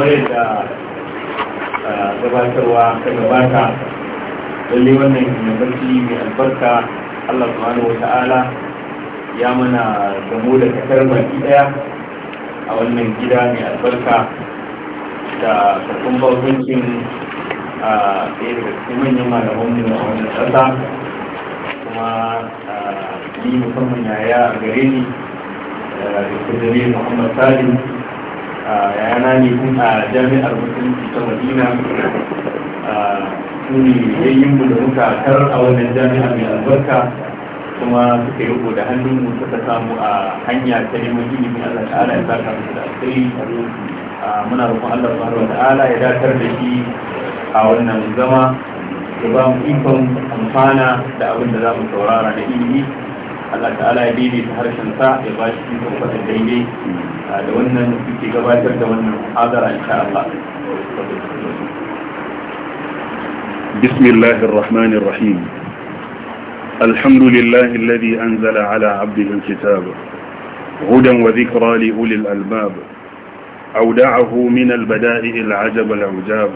kamar yadda ah, gabatarwa ta gabata lalle wannan yammaci mai albarka allah subhanahu wa ta'ala ya mana gamo da kasar baki daya a wannan gida mai albarka da sakon bakuncin a ah, ɗaya daga cikin manyan malaman mu a wannan ƙasa kuma ah, ni musamman yaya gare ni da dr. muhammad salim yana ne kun a jami'ar mutunci ta madina a ne yayin mu da muka kar a wannan jami'a mai albarka kuma suka yi da hannun mu suka samu a hanya ta neman ilimi Allah ta'ala ya saka musu da alkhairi muna roƙon Allah subhanahu wa ta'ala ya dakar da shi a wannan zama ya ba mu ikon amfana da abin da za mu saurara da ilimi Allah ta'ala ya bibi ta harshen sa ya ba shi ikon fata daidai ah, da wannan suke gabatar da wannan hadara insha Allah بسم الله الرحمن الرحيم الحمد لله الذي أنزل على عبده الكتاب هدى وذكرى لأولي الألباب أودعه من البدائع العجب العجاب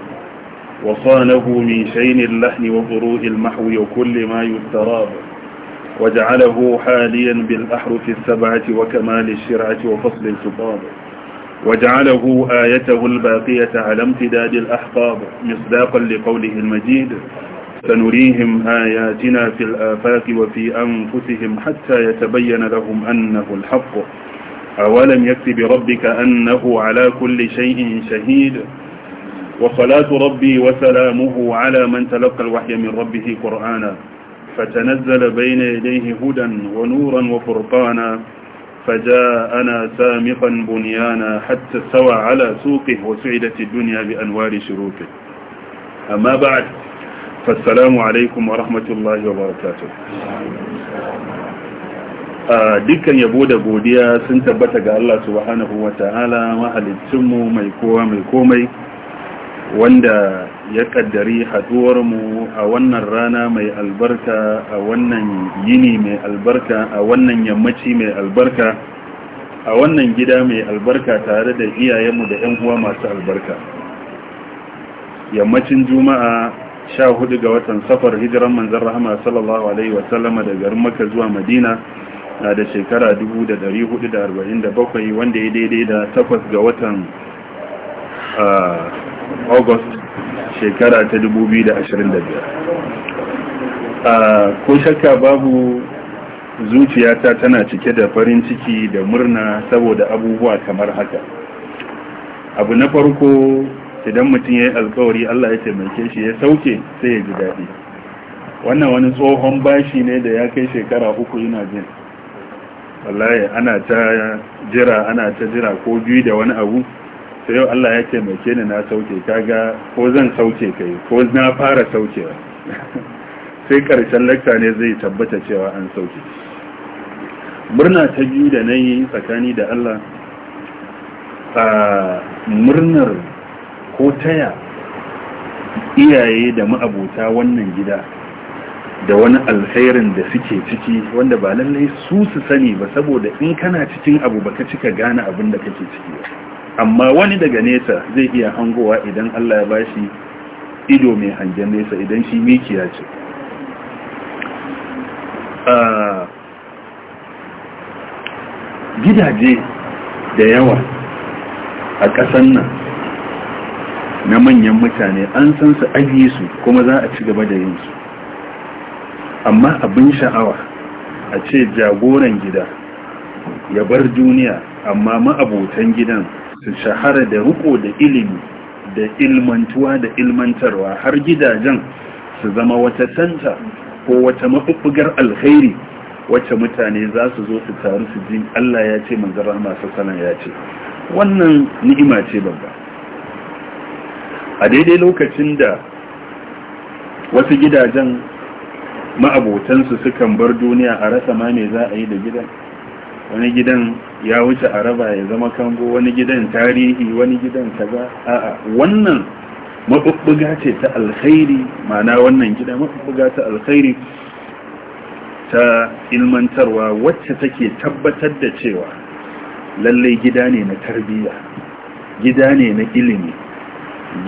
وصانه من شين اللحن وضروء المحو وكل ما يستراب وجعله حاليا بالأحرف السبعة وكمال الشرعة وفصل الخطاب وجعله آيته الباقية على امتداد الأحقاب مصداقا لقوله المجيد سنريهم آياتنا في الآفاق وفي أنفسهم حتى يتبين لهم أنه الحق أولم يكتب بربك أنه على كل شيء شهيد وصلاة ربي وسلامه على من تلقى الوحي من ربه قرآنا فتنزل بين يديه هدى ونورا وفرقانا فجاءنا سامقا بنيانا حتى سوى على سوقه وسعدت الدنيا بأنوار شروقه أما بعد فالسلام عليكم ورحمة الله وبركاته dukkan yabo da godiya sun tabbata ga Allah subhanahu wa ta'ala mahalicinmu mai kowa mai komai wanda ya kaddari mu a wannan rana mai albarka a wannan yini mai albarka a wannan yammaci mai albarka a wannan gida mai albarka tare da iyayenmu da 'yan uwa masu albarka yammacin juma'a 14 ga watan safar hijiran manzan rahama sallallahu alaihi wasallama da garin maka zuwa madina na da shekara 1447 wanda ya daidai da 8 ga watan ah, august shekara ta 2025 a ko shakka babu zuciyata tana cike da farin ciki da murna saboda abubuwa kamar haka abu na farko idan mutum ya yi alkawari allah ya taimake shi ya sauke sai ya ji daɗi wannan wani tsohon bashi ne da ya kai shekara uku yana jin wallahi ana ta jira ana ta jira ko biyu da wani abu sai yau Allah ya taimake ni na sauke kaga ko zan sauke kai ko na fara saukewa sai karshen lakta ne zai tabbata cewa an sauke murna ta biyu da na yi tsakani da Allah a murnar ko taya iyaye da ma'abuta wannan gida da wani alherin da suke ciki wanda ba lallai su su sani ba saboda in kana cikin abu baka cika gane abin da kake ciki ba amma wani daga nesa zai iya hangowa idan Allah ya bashi ido mai hangen nesa idan shi mikiya ce gidaje da yawa a ƙasan nan na manyan mutane an san su ajiye su kuma za a ci gaba da yin su amma abin sha'awa a ce jagoran gida ya bar duniya amma ma'abotan gidan su shahara da riko da ilimi da ilmantuwa da ilmantarwa har gidajen su zama wata santa ko wata mafuffugar alkhairi wacce mutane za su zo su taru su ji Allah ya ce manzara masu sanan ya ce wannan ni'ima ce babba a daidai lokacin da wasu gidajen ma'abotansu sukan bar duniya a rasa ma me za a yi da gidan wani gidan ya wuce a raba ya zama kango wani gidan tarihi wani gidan kaza a'a wannan mabubbuga ce ta alkhairi ma'ana wannan gida mabubbuga ta alkhairi ta ilmantarwa wacce take tabbatar da cewa lalle gida ne na tarbiyya gida ne na ilimi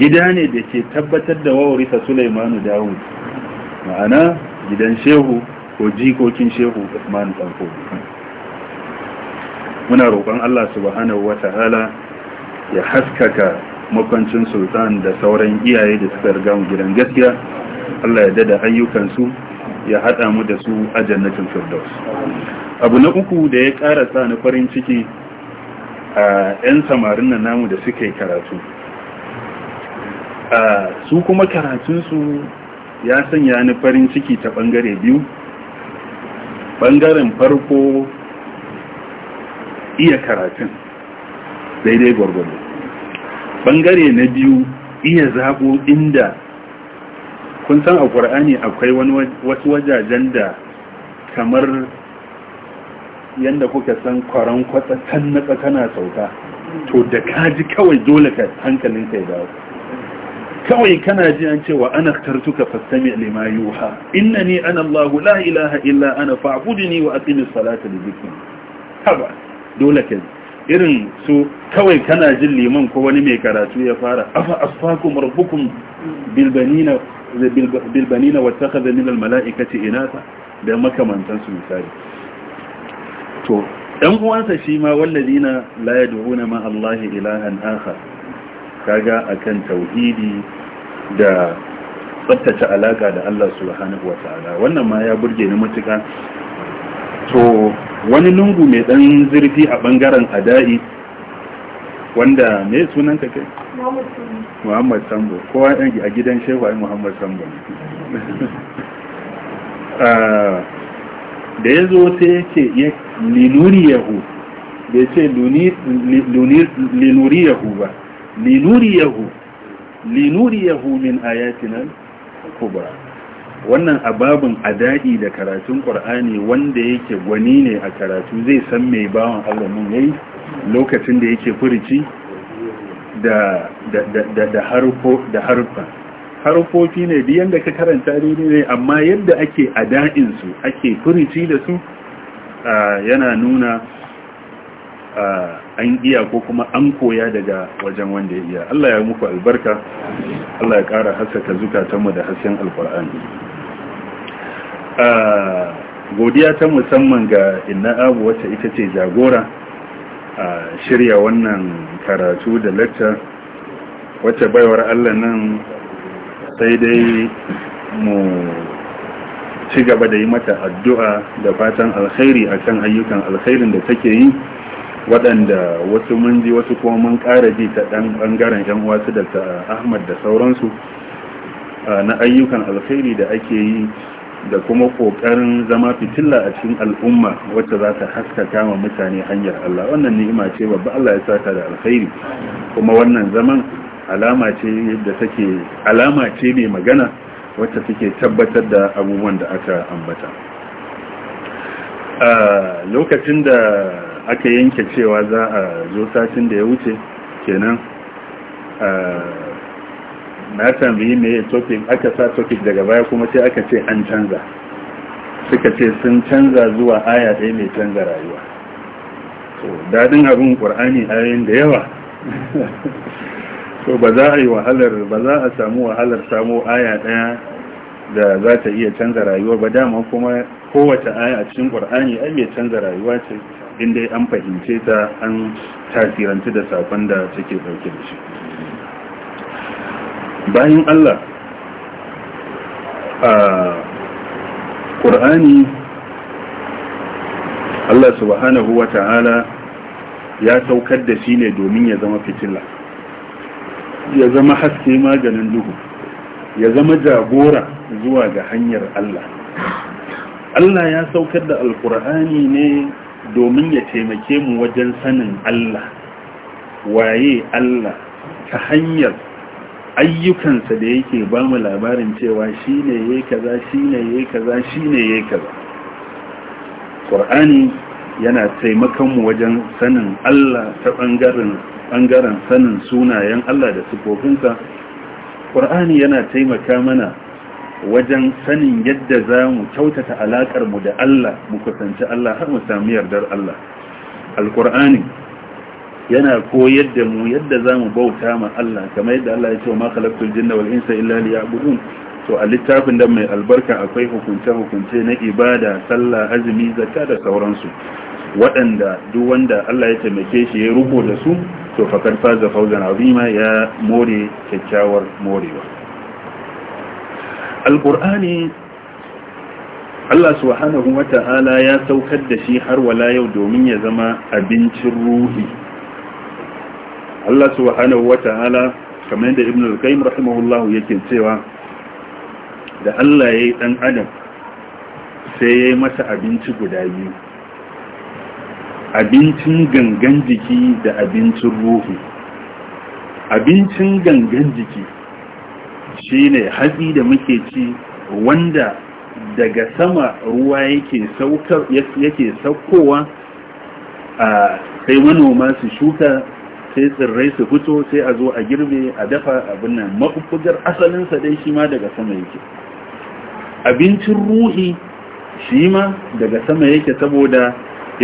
gida ne da ke tabbatar da wawarisa Sulaimanu Dawud ma'ana gidan shehu ko jikokin shehu Usman Sanko muna roƙon Allah subhanahu ta'ala ya haskaka makwancin sultan da sauran iyaye da suka riga mu gidan gaskiya Allah ya dada su ya haɗa mu da su a jannatin firdaus abu na uku da ya ƙara sa ni farin ciki a 'yan samarin na namu da suka yi karatu su kuma karatunsu ya sanya ni farin ciki ta ɓangare biyu bangaren farko iya karatun daidai gwargwado ɓangare na biyu iya zaɓo inda kun san a ƙwar'ani akwai wasu wajajen da kamar yadda kuka san kwaron kwatsattan na tsakana sauka to da kaji kawai dole ka hankalin kai dawo kawai kana ji an cewa ana tartuka fastami lima yuha innani ana Allah la ilaha illa ana fa'budni wa aqimis salata li dhikri haba dole ka irin su kawai kana jin liman ko wani mai karatu ya fara afa asfakum rabbukum bilbanina bilbanina wattakhadha min almalaikati inatha da makamantan su misali to dan uwansa shi ma walladina la yad'una ma Allah ilahan akhar kaga akan tauhidi da tsaftace alaka da Allah subhanahu wataala wannan ma ya burge ni matuka? to wani lungu mai dan zurfi a bangaren adai wanda me sunan ka kai Muhammad Sambo kowa yan a gidan Shehu ai Muhammad Sambo ah, da ya zo sai ya ce linuriyahu bai ce linuriyahu ba linuriyahu linuriyahu min ayatina kubra wannan ababin adadi da karatun qur'ani wanda yake gwani ne a karatu zai san mai bawan Allah mun yayi lokacin da yake furici da da da da harfa harfofi ne biyan ka karanta ne amma yadda ake ada'in su ake furici da su yana nuna an iya ko kuma an koya daga wajen wanda ya iya Allah ya muku albarka Allah ya ƙara haskaka zukatanmu da hasken alƙur'ani a godiya ta musamman ga inna abu wacce ita ce jagora a shirya wannan karatu da lacca wacce baiwar allah nan sai dai mu ci gaba da yi mata addu'a da fatan alkhairi a kan ayyukan alkhairin da take yi waɗanda wasu mun ji wasu kuma mun ƙara ji ta ɗan ɓangaren ‘yan wasu da ta ahmad da sauransu na ayyukan alkhairi da ake yi da kuma kokarin zama fitilla a cikin al'umma wacce za ta haskaka ma mutane hanyar Allah wannan ni'ima ce babba Allah ya saka da alkhairi kuma wannan zaman alama ce da take alama ce mai magana wacce take tabbatar da abubuwan da aka ambata a lokacin da aka yanke cewa za a zo satin da ya wuce kenan na tambayi ne ya topic aka sa topic daga baya kuma sai aka ce an canza suka ce sun canza zuwa aya ɗaya mai canza rayuwa daɗin abin ƙur'ani ayoyin da yawa to ba za a yi wahalar ba za a samu wahalar samo aya ɗaya da za ta iya canza rayuwa ba dama kuma kowace aya a cikin ƙur'ani ai mai canza rayuwa ce inda an fahimce ta an tasiranci da sakon da take ɗauke da shi bayan Allah a ƙur'ani Allah subhanahu wa ta'ala ya saukar da shi ne domin ya zama fitila ya zama haske maganin duhu ya zama jagora zuwa ga hanyar Allah Allah ya saukar da alkur'ani ne domin ya taimake mu wajen sanin Allah waye Allah ta hanyar ayyukansa da yake ba mu labarin cewa shi ne ya yi kaza shi ne ya yi kaza shi ne ya yi kaza ƙwar'ani yana taimakonmu wajen sanin allah ta ɓangaren sanin sunayen allah da sufofinsa ƙwar'ani yana taimaka mana wajen sanin yadda za mu kyautata alaƙarmu da allah mu kusanci allah har mu sami yardar allah yana koyar da mu yadda za mu bauta ma Allah kamar yadda Allah ya ce wa makalaktul jinna wal insa illa liya'budun to a littafin da mai albarka akwai hukunce hukunce na ibada sallah azumi zakka da sauransu waɗanda duk wanda Allah ya taimake shi ya rubo da su to fakar faza fauzan azima ya more kyakkyawar morewa alƙur'ani Allah subhanahu ta'ala ya saukar da shi har wala yau domin ya zama abincin ruhi Allah subhanahu ta'ala kamar da ibn al-qayyim rahimahullahu yake cewa da Allah yayi dan adam sai yayi masa abinci guda biyu abincin gangan jiki da abincin ruhi abincin gangan jiki shine hatsi da muke ci wanda daga sama ruwa yake saukowa a sai manoma su shuka sai tsirrai su fito sai a zo a girbe a dafa abin nan mafufugar asalinsa dai shi ma daga sama yake abincin ruhi shi ma daga sama yake saboda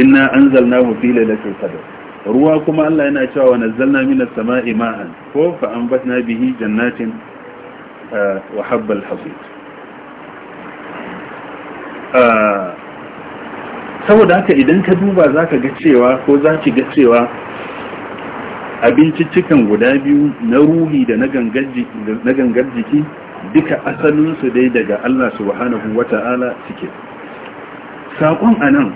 inna anzalnahu fi lailatul qadr ruwa kuma Allah yana cewa wa nazzalna minas sama'i ma'an ko fa anbatna bihi jannatin wa habbal hasid saboda haka idan ka duba zaka ga cewa ko zaki ga cewa abinciccikan guda biyu na ruhi da na gangar jiki duka asalinsu dai daga Allah subhanahu wa ta'ala suke saƙon a nan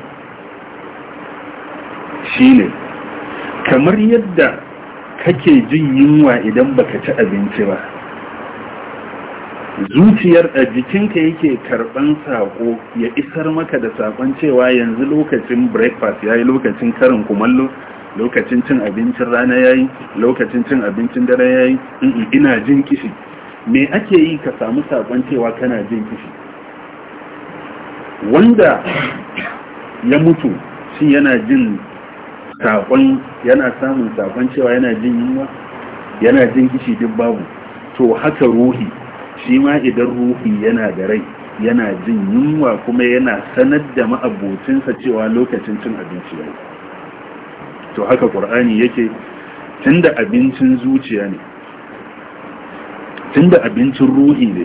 shi ne kamar yadda kake jin yunwa idan baka ci abinci ba zuciyar a jikinka yake karɓan saƙo ya isar maka da saƙon cewa yanzu lokacin breakfast ya yi lokacin karin kumallo lokacin cin abincin rana yayi lokacin cin abincin dare yayi ina jin kishi me ake yi ka samu sakon cewa kana jin kishi wanda ya mutu shi yana jin sakon yana samun sakon cewa yana jin yunwa yana jin kishi duk babu to haka ruhi shi ma idan ruhi yana da rai yana jin yunwa kuma yana sanar da ma'abocinsa cewa lokacin cin abinci yayi to haka qur'ani yake tunda abincin zuciya ne tunda abincin ruhi ne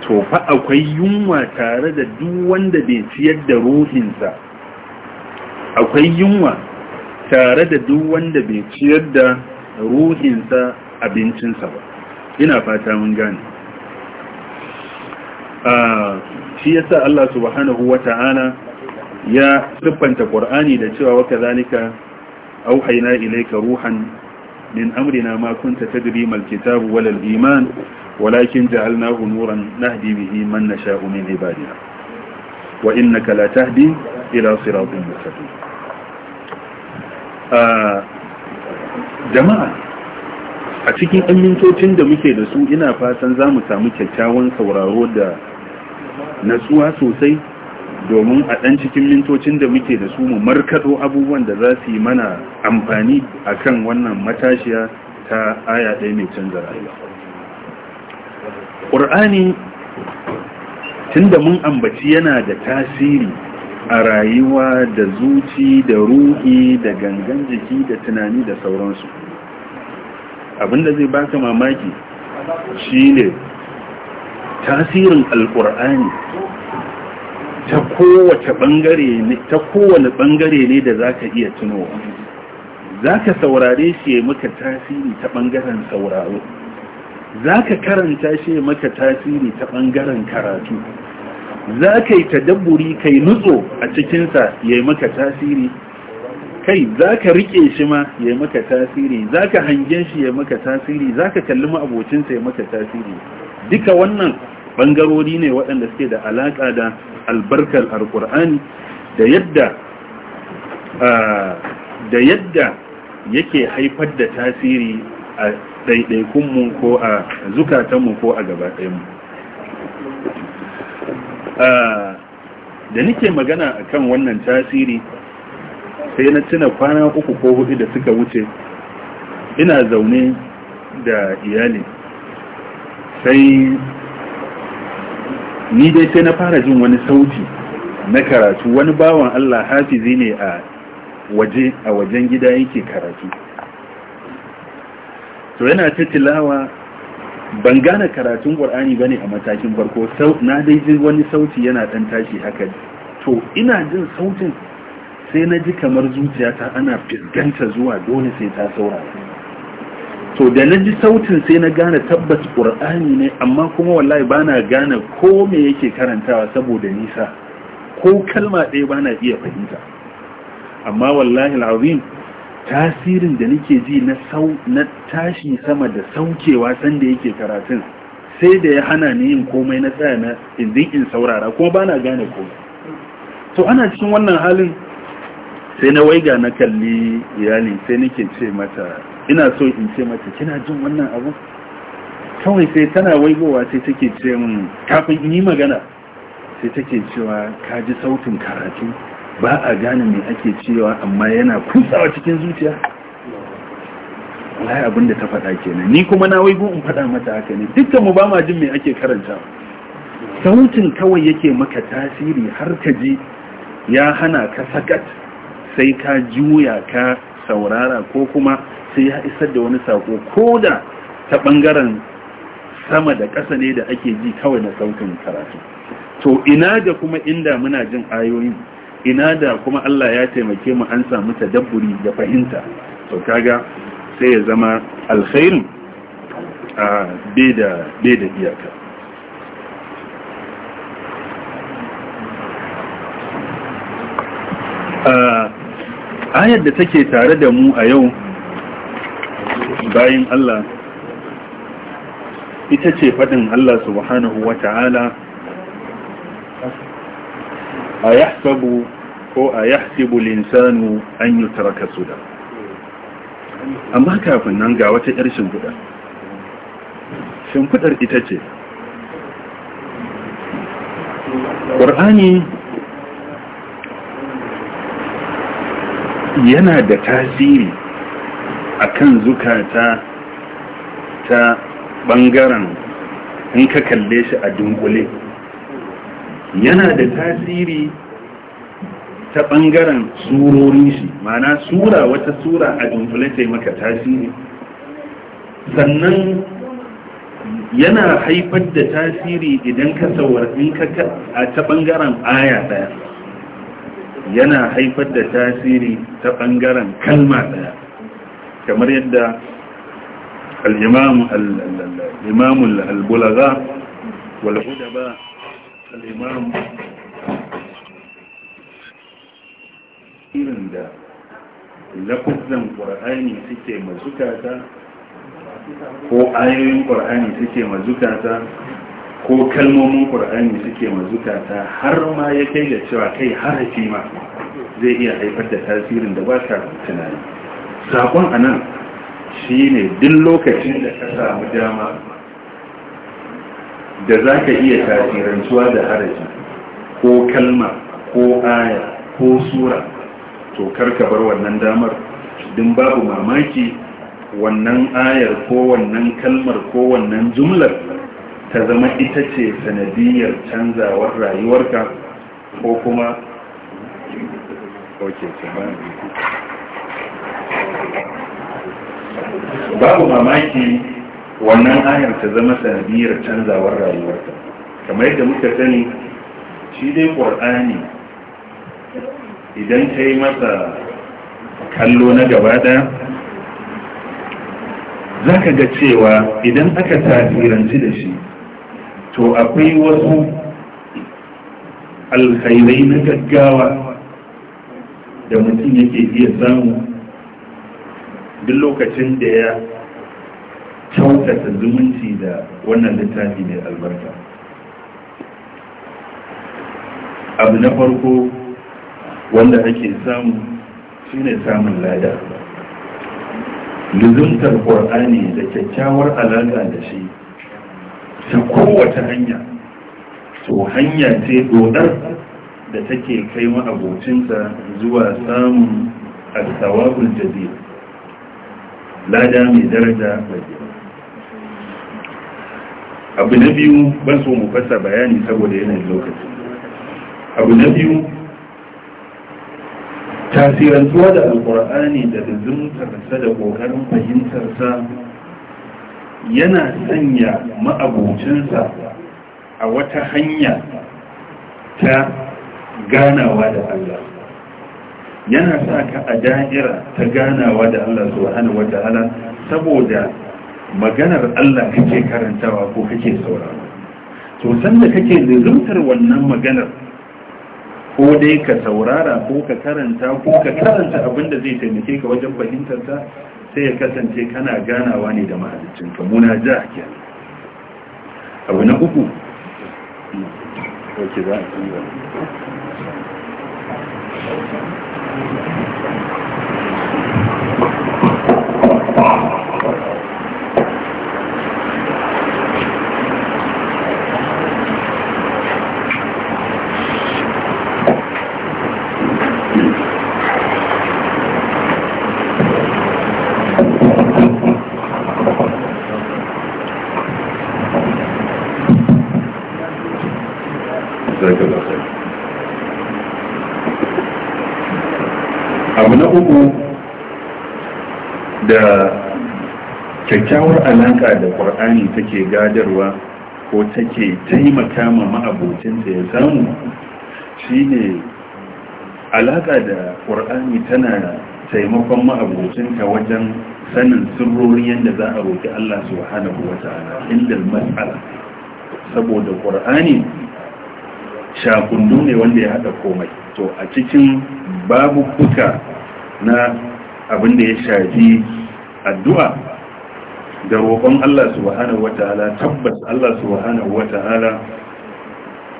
to fa akwai yunwa tare da duk wanda bai ciyar da ruhinsa akwai yunwa tare da duk wanda bai ciyar da ruhinsa abincinsa ba ina fata mun gane ah, shi yasa Allah subhanahu wata'ala ya siffanta Qur'ani da cewa wa kazalika أوحينا إليك روحا من أمرنا ما كنت تدري ما الكتاب ولا الإيمان ولكن جعلناه نورا نهدي به من نشاء من عبادنا وإنك لا تهدي إلى صراط مستقيم آه جماعة a cikin amintocin da muke da su ina fatan za mu samu kyakkyawan sauraro da natsuwa sosai domin a ɗan cikin mintocin da muke da su mu markaɗo abubuwan da za su yi mana amfani a kan wannan matashiya ta aya ɗaya mai canza rayuwa ƙur'ani tun da mun ambaci yana da tasiri a rayuwa da zuci da ruhi da gangan jiki da tunani da sauransu abinda zai baka mamaki shi ne tasirin alƙur'ani ta kowace bangare ne ta kowane bangare ne da zaka iya tunowa zaka saurare shi ya maka tasiri ta bangaren sauraro zaka karanta shi ya maka tasiri ta bangaren karatu zaka yi tadabburi kai nutso a cikin sa yayi maka tasiri kai zaka rike shi ma yayi maka tasiri zaka hange shi yayi maka tasiri zaka kalli ma sa yayi maka tasiri duka wannan bangarori ne waɗanda suke da alaƙa da albarkar Alƙur'ani da yadda yake haifar da tasiri a ɗaiɗaikunmu ko a zukatanmu ko a gabaɗayenmu da nike magana akan wannan tasiri sai na tuna kwana uku ko hudu da suka wuce ina zaune da iyali sai ni dai sai na fara jin wani sauti na karatu wani bawan Allah hafizi ne a waje a wajen gida yake karatu to yana ta tilawa ban gane karatun ƙur'ani ba ne a matakin farko na dai ji wani sauti yana ɗan tashi haka to ina jin sautin sai na ji kamar zuciyata ana fiskanta zuwa dole sai ta saurara to da na ji sautin sai na gane tabbas ƙur'ani ne amma kuma wallahi ba na gane ko me yake karantawa saboda nisa ko kalma ɗaya ba na iya fahimta amma wallahi al'azim tasirin da nake ji na na tashi sama da saukewa sanda yake karatun sai da ya hana ni yin komai na tsaya na indin in saurara kuma ba na gane komai to ana cikin wannan halin sai na waiga na kalli iyali sai nake ce mata ina so in ce mata kina jin wannan abu kawai sai tana waigowa sai take ce min kafin in yi magana sai take cewa ka ji sautin karatu ba a gane me ake cewa amma yana kusawa cikin zuciya wallahi abinda ta faɗa kenan ni kuma na waigo in faɗa mata haka ne dukkan mu ba ma jin me ake karanta sautin kawai yake maka tasiri har ka ji ya hana ka sakat sai ka juya ka saurara ko kuma sai ya isar da wani sako ko da ta bangaren sama da ƙasa ne da ake ji kawai na sautin karatu to ina da kuma inda muna jin ayoyin ina da kuma Allah ya taimake mu an samu dabburi da fahimta to kaga sai ya zama alkhairin a bai da iyaka ayar da take tare da mu a yau bayin Allah ita ce faɗin Allah subhanahu wa ta'ala a yahsabu ko a yahsibu linsanu an yi tarakasu da. amma kafin nan ga wata 'yar shimfiɗa shimfiɗar ita ce ƙur'ani yana da tasiri akan zukata ta bangaren in ka kalle shi a dunkule yana da tasiri ta bangaren surori shi mana sura wata sura a dunkule ta maka tasiri sannan yana haifar da tasiri idan ka saurari a ta bangaren aya daya yana haifar da tasiri ta bangaren kalma daya kamar yadda al-imam al-imam al irin da lafuzan qur'ani suke mazukata ko ayoyin ƙur'ani suke mazukata ko kalmomin ƙur'ani suke mazukata har ma ya kai da cewa kai harafi ma zai iya haifar da tasirin da ba ka tunani Sakon a nan shi ne duk lokacin da ka samu dama da za ka iya tasirantuwa da haraji ko kalma ko aya ko sura to karka bar wannan damar din babu mamaki wannan ayar ko wannan kalmar ko wannan jumlar ta zama ita ce sanadiyar canzawar rayuwarka ko kuma ok babu mamaki wannan ayar ta zama sanadiyar canzawar rayuwarta kamar yadda muka sani shi dai ƙwar'ani idan ta yi masa kallo na gaba ɗaya za ka ga cewa idan aka tasiranci da shi to akwai wasu alkhairai na gaggawa da mutum yake iya samu duk lokacin da ya kyautata zumunci da wannan littafi mai albarka abu na farko wanda ake samu shi ne samun lada luzumtar ƙwar'ani da kyakkyawar alaƙa da shi ta kowace hanya to hanya ce dodar da take kai abocinsa zuwa samun al-sawabul jazeera lada mai daraja mai abu na biyu ban so mu fasa bayani saboda yanayin lokaci abu na biyu tasirantuwa da alkur'ani da lizimtarsa da ƙoƙarin fahimtarsa yana sanya ma'abocinsa a wata hanya ta ganawa da Allah yana sa ka a da'ira ta ganawa da Allah subhanahu wata'ala saboda maganar Allah kake karantawa ko kake saurawa to sanda kake zuntar wannan maganar ko dai ka saurara ko ka karanta ko ka karanta abin da zai taimake ka wajen fahimtar ta sai ya kasance kana ganawa ne da mahaliccin ka muna ja ke abu na uku Okay, that's Thank you. uku da kyakkyawar alaƙa da ƙwar'ani take gadarwa ko take taimaka ma ma'abocinta ya samu shine alaƙa da ƙwar'ani tana taimakon ma'abocinta wajen sanin sirrori yadda za a roƙi Allah subhanahu wa ta'ala inda mas'ala saboda ƙwar'ani shakundu ne wanda ya haɗa komai to a cikin babu kuka na abin da ya shafi addu'a da roƙon Allah subhanahu wata'ala tabbas Allah subhanahu wata'ala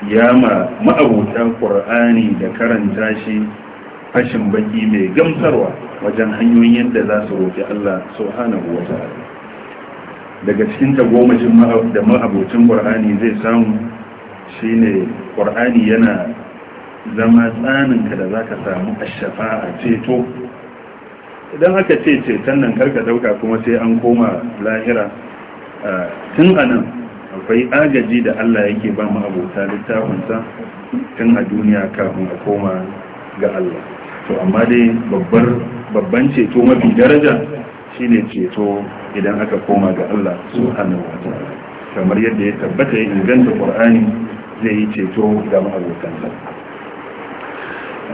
ya ma ma'abuta ƙur'ani da karanta shi fashin baki mai gamsarwa wajen hanyoyin da za su roƙi Allah subhanahu wata'ala daga cikin tagomashin da ma'abucin ƙur'ani zai samu shine ƙur'ani yana zama tsaninka da za ka samu ashafa a ceto idan aka ce ceton nan karka dauka kuma sai an koma lahira tun a nan akwai agaji da Allah yake ba mu abota littafinsa tun a duniya kafin a koma ga Allah to amma dai babban ceto mafi daraja shine ceto idan aka koma ga Allah subhanahu wata kamar yadda ya tabbata ya inganta ƙwar'ani zai yi ceto ga ma'abotansa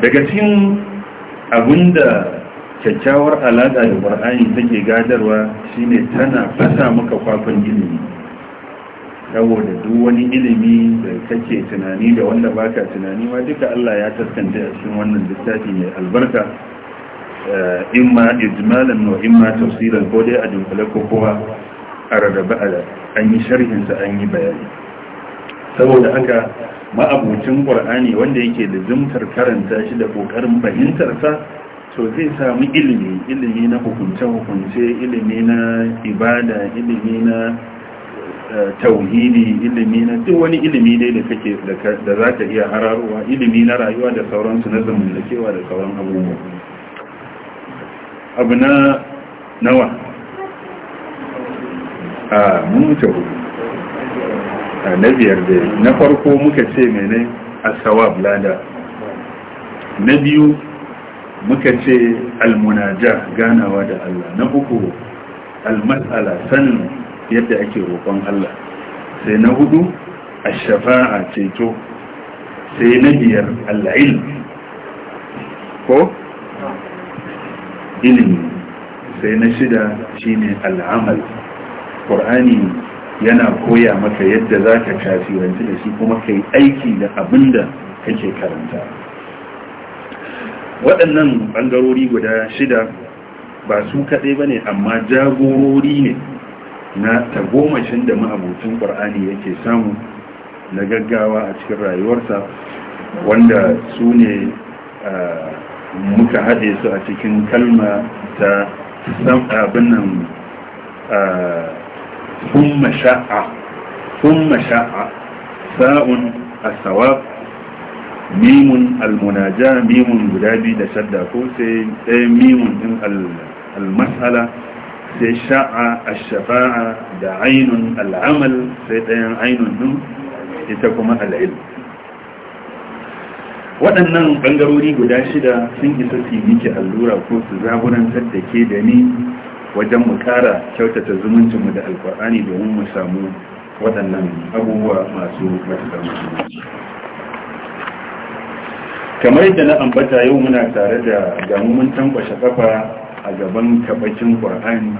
daga cikin abinda kyakkyawar alaƙa da ƙwar'ani take gadarwa shine tana fasa maka kwakwan ilimi saboda duk wani ilimi da kake tunani da wanda baka tunani ma duka Allah ya taskanta a cikin wannan littafi mai albarka eh, ma ijmalan wa ma tafsiran ko dai a dunkule ko kowa a rarraba an yi sharhinsa an yi bayani saboda haka ma'abucin ƙwar'ani wanda yake da zumtar karanta shi da ƙoƙarin fahimtarsa to zai samu ilimi ilimi na hukunce-hukunce ilimi na ibada ilimi na eh, tauhidi ilimi na duk wani ilimi dai da kake da za ka iya hararwa ilimi na rayuwa da sauransu na zamantakewa da sauran abubuwa abu na nawa a mutu na biyar na farko muka ce mene a sawab lada na biyu muka ce almunaja ganawa da Allah na uku almas'ala sanin yadda ake roƙon Allah sai na hudu ash-shafa'a ceto sai na biyar alilm ko ilimi sai na shida shine al'amal qur'ani yana koya maka yadda zaka kafiranci da shi kuma kai aiki da abinda kake karanta waɗannan ɓangarori guda shida ba su kaɗai ba ne amma jagorori ne na tagomashin da ma'abutun ƙwar'ani yake samu na gaggawa a cikin rayuwarsa wanda su ne muka haɗe su a cikin kalma ta abin nan sun masha'a sa'un a sawab mimun almunaja mimun guda biyu da shadda ko sai ɗaya eh, mimun ɗin almas'ala sai sha'a ashafa'a da ainun al'amal sai ɗayan ainun ɗin ita kuma al'il waɗannan ɓangarori guda shida sun isa su miki allura ko su zaburantar da ke da ni wajen mu kara kyautata zumuncinmu da alkur'ani domin mu samu waɗannan abubuwa masu matuƙar kamar da na ambata yau muna tare da damumin tankwashe kafa a gaban tabbacin ƙwar'ani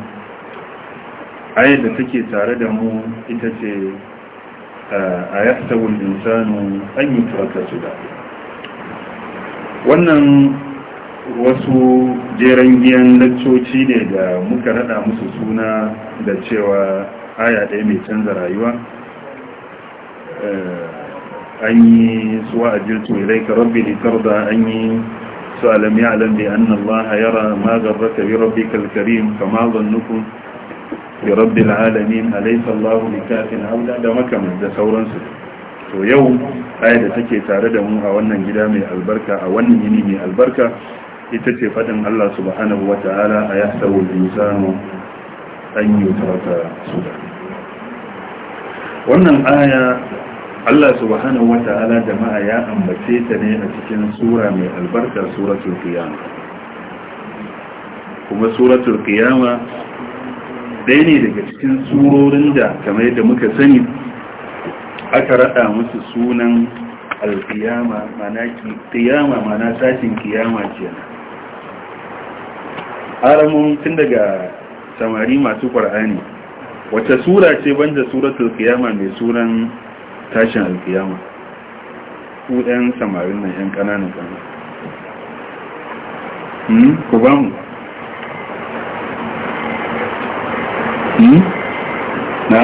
ayyar da take tare da mu ita ce a yastawul insanu an yi turatattu da wannan wasu jeren giyan laccoci ne da muka rada musu suna da cewa aya ɗaya mai canza rayuwa eh, an yi suwa a jirtu ilaika rabbi da an yi su alam ya alam da an Allah yara ma garraka bi rabbi kalkarim kama zannukun bi rabbi alamin alaisa Allah bi kafin da makam da sauransu to yau aya da take tare da mu a wannan gida mai albarka a wannan yini mai albarka ita ce fadin Allah subhanahu wa ta'ala a yahsabu al-insanu an yutraka suda wannan aya Allah subhanahu wa ta'ala jama'a ya ambace ta ne a cikin sura mai albarka suratul qiyama kuma suratul qiyama ɗaya ne daga cikin surorin da kamar yadda muka sani aka rada musu sunan alqiyama mana qiyama mana tashin qiyama kenan aramun tun daga samari masu qur'ani wata sura ce banda suratul qiyama mai sunan tashin alkiyama ku ɗan samarin nan 'yan ƙananan ƙananan hmm? ku ba mu hmm? na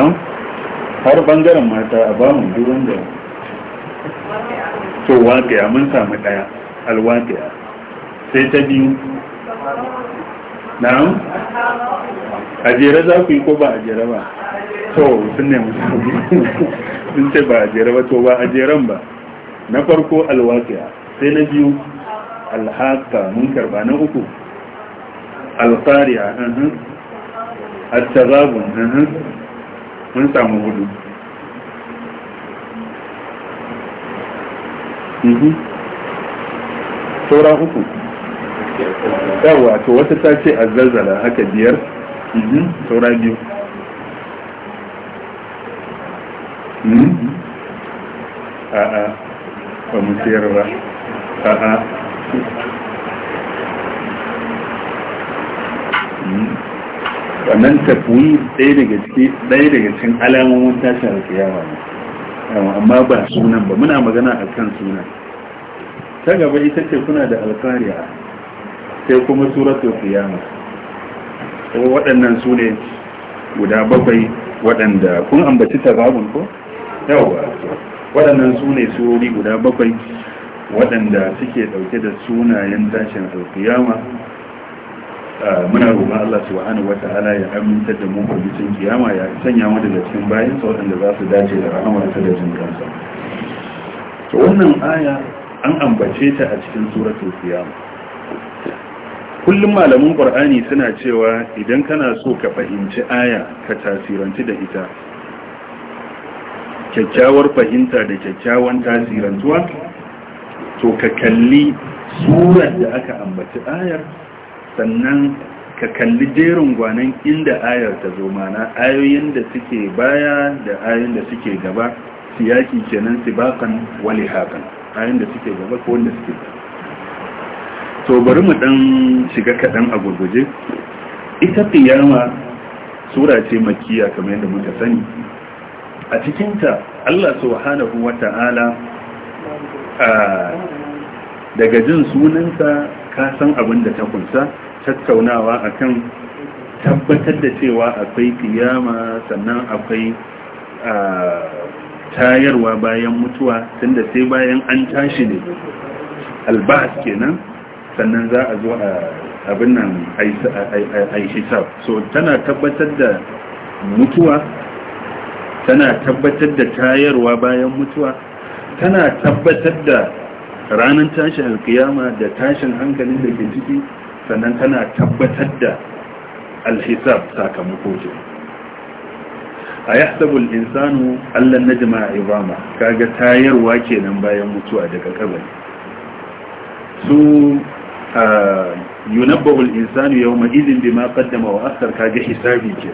har ɓangaren mata a ba mu duwan da to waƙiya mun sami ɗaya alwaƙiya sai ta biyu na'am a jere za ku yi ko ba a jere ba to sun ne sun ce ba a jere ba to ba a jeren ba na farko alwaƙiya sai na biyu alhaka mun karba na uku alfariya a attazabun mun samu hudu saura hukun yawa to wata ta ce a zalzala haka biyar mhm. saura biyu mhm. a'a ba mu siyar ba a'a mhm. wannan tafi ɗaya daga ciki ɗaya daga cikin alamomin tashin alkiyama ne amma ba sunan ba muna magana a kan sunan ta gaba ita ce kuna da alkariya sai kuma suratul qiyamah ko waɗannan su ne guda bakwai waɗanda kun ambaci tazabun ko yawa waɗannan su ne surori guda bakwai waɗanda suke ɗauke da sunayen tashin alkiyama muna roƙa Allah subhanahu wata'ala ya aminta da mu kubitin kiyama ya sanya mu daga cikin bayan sa waɗanda za su dace da ta da jin kansa to wannan aya an ambace ta a cikin suratul qiyamah kullum malamin qur'ani suna cewa idan kana so ka fahimci aya ka tasiranci da ita kyakkyawar fahimta da kyakkyawan tasirantuwa to ka kalli surar da aka ambaci ayar sannan ka kalli jerin gwanan inda ayar ta zo mana ayoyin da suke baya da ayoyin da suke gaba siyaki kenan sibakan wali hakan ayoyin da suke gaba ko wanda suke gaba to bari mu dan shiga kaɗan a gurguje ita ƙiyama sura ce makiya kamar yadda muka sani a cikinta Allah subhanahu wa ta'ala daga jin sunansa ka san abin da ta kunsa tattaunawa akan tabbatar da cewa akwai kiyama sannan akwai tayarwa bayan mutuwa tunda sai bayan an tashi ne albas kenan sannan za a zo a abin nan a so tana tabbatar da mutuwa tana tabbatar da tayarwa bayan mutuwa tana tabbatar da ranar tashin alkiyama da tashin hankalin da ke ciki sannan tana tabbatar da alhisab sakamako ce a ya sabul insanu allan na jima'a ibama kaga tayarwa kenan bayan mutuwa daga kabari su yunabbahu al-insanu yawma idhin bima qaddama wa akhar kaji hisabi ke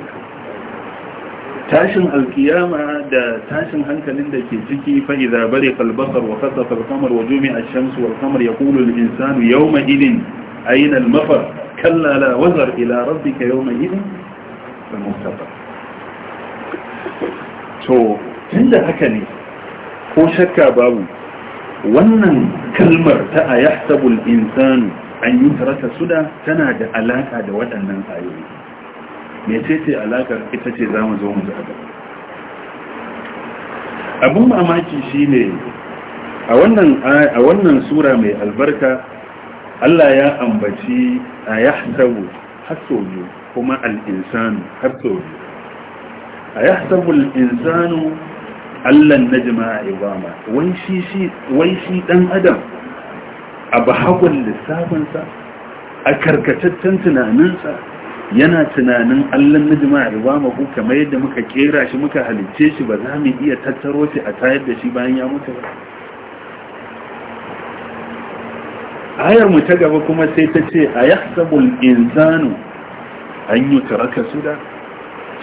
tashin alkiyama da tashin hankalin da ke ciki fa idza bariqa al-basar wa khasafa al-qamar wa jumi'a ash-shamsu wal qamar yaqulu al-insanu yawma idhin ayna al-mafar kalla la wazar ila rabbika yawma idhin al-mustaqbal to tunda haka ne ko shakka babu wannan kalmar ta a yahsabul insanu an yi tarata suda tana da alaka da waɗannan ayoyi me ce ce alakar ita ce za mu zo mu zaɓa abin mamaki shi ne a wannan sura mai albarka allah ya ambaci a ya hasabu hasobi kuma al'insanu insanu a ya hasabu al'insanu allan na jima'a ibama wai shi ɗan adam a bahagwan lissafinsa a karkataccen tunaninsa yana tunanin allon nijima a riba maku kamar yadda muka kera shi muka halicce shi ba za mu iya tattaro shi a tayar da shi bayan ya mutu ba ayar mu ta gaba kuma sai ta ce a yahsabul insanu an yi taraka da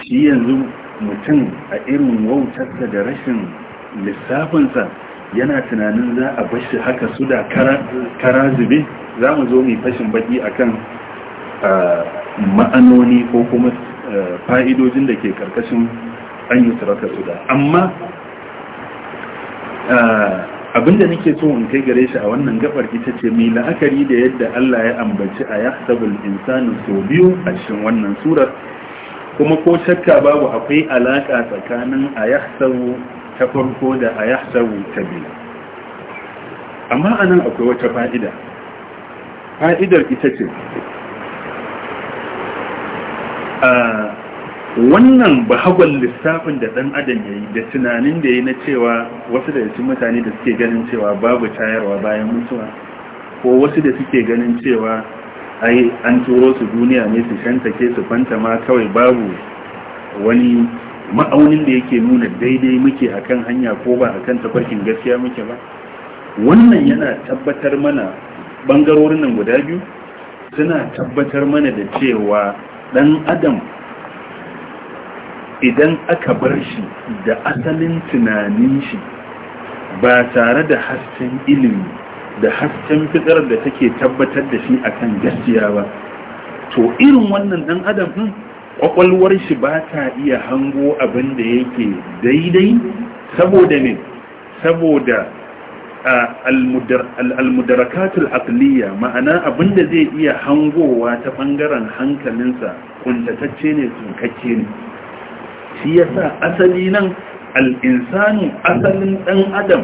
shi yanzu mutum a irin wautarsa da rashin lissafinsa yana tunanin za a bashi haka su da kara zube za mu zo mai fashin baki a kan ma'anoni ko kuma fa'idojin da ke karkashin an yi suraka su da amma abinda nake so in kai gare shi a wannan gabar ita ce mai la'akari da yadda Allah ya ambaci a yahsabul insanin sau biyu a cikin wannan surar kuma ko shakka babu akwai alaka tsakanin a yahsabu ta farko da a ya sabu ta biyu amma anan akwai wata fa'ida fa'idar ita ce wannan bahagwan lissafin da ɗan adam ya yi da tunanin da ya na cewa wasu da cikin mutane da suke ganin cewa babu tayarwa bayan mutuwa ko wasu da suke ganin cewa ai an turo su duniya ne su ke su kwanta ma kawai babu wani ma'aunin da yake nuna daidai muke akan hanya ko ba akan tafarkin gaskiya muke ba wannan yana tabbatar mana bangarorin nan guda biyu suna tabbatar mana da cewa dan adam idan aka bar shi da asalin tunanin shi ba tare da hasken ilimi da hasken fitar da take tabbatar da shi akan gaskiya ba to irin wannan dan adam din kwakwalwar shi ba ta iya hango abin da yake daidai saboda ne saboda almudarakatul aqliya ma'ana abin da zai iya hangowa ta bangaren hankalinsa kuntatacce ne tsunkacce ne shi yasa asali nan al'insanu asalin ɗan adam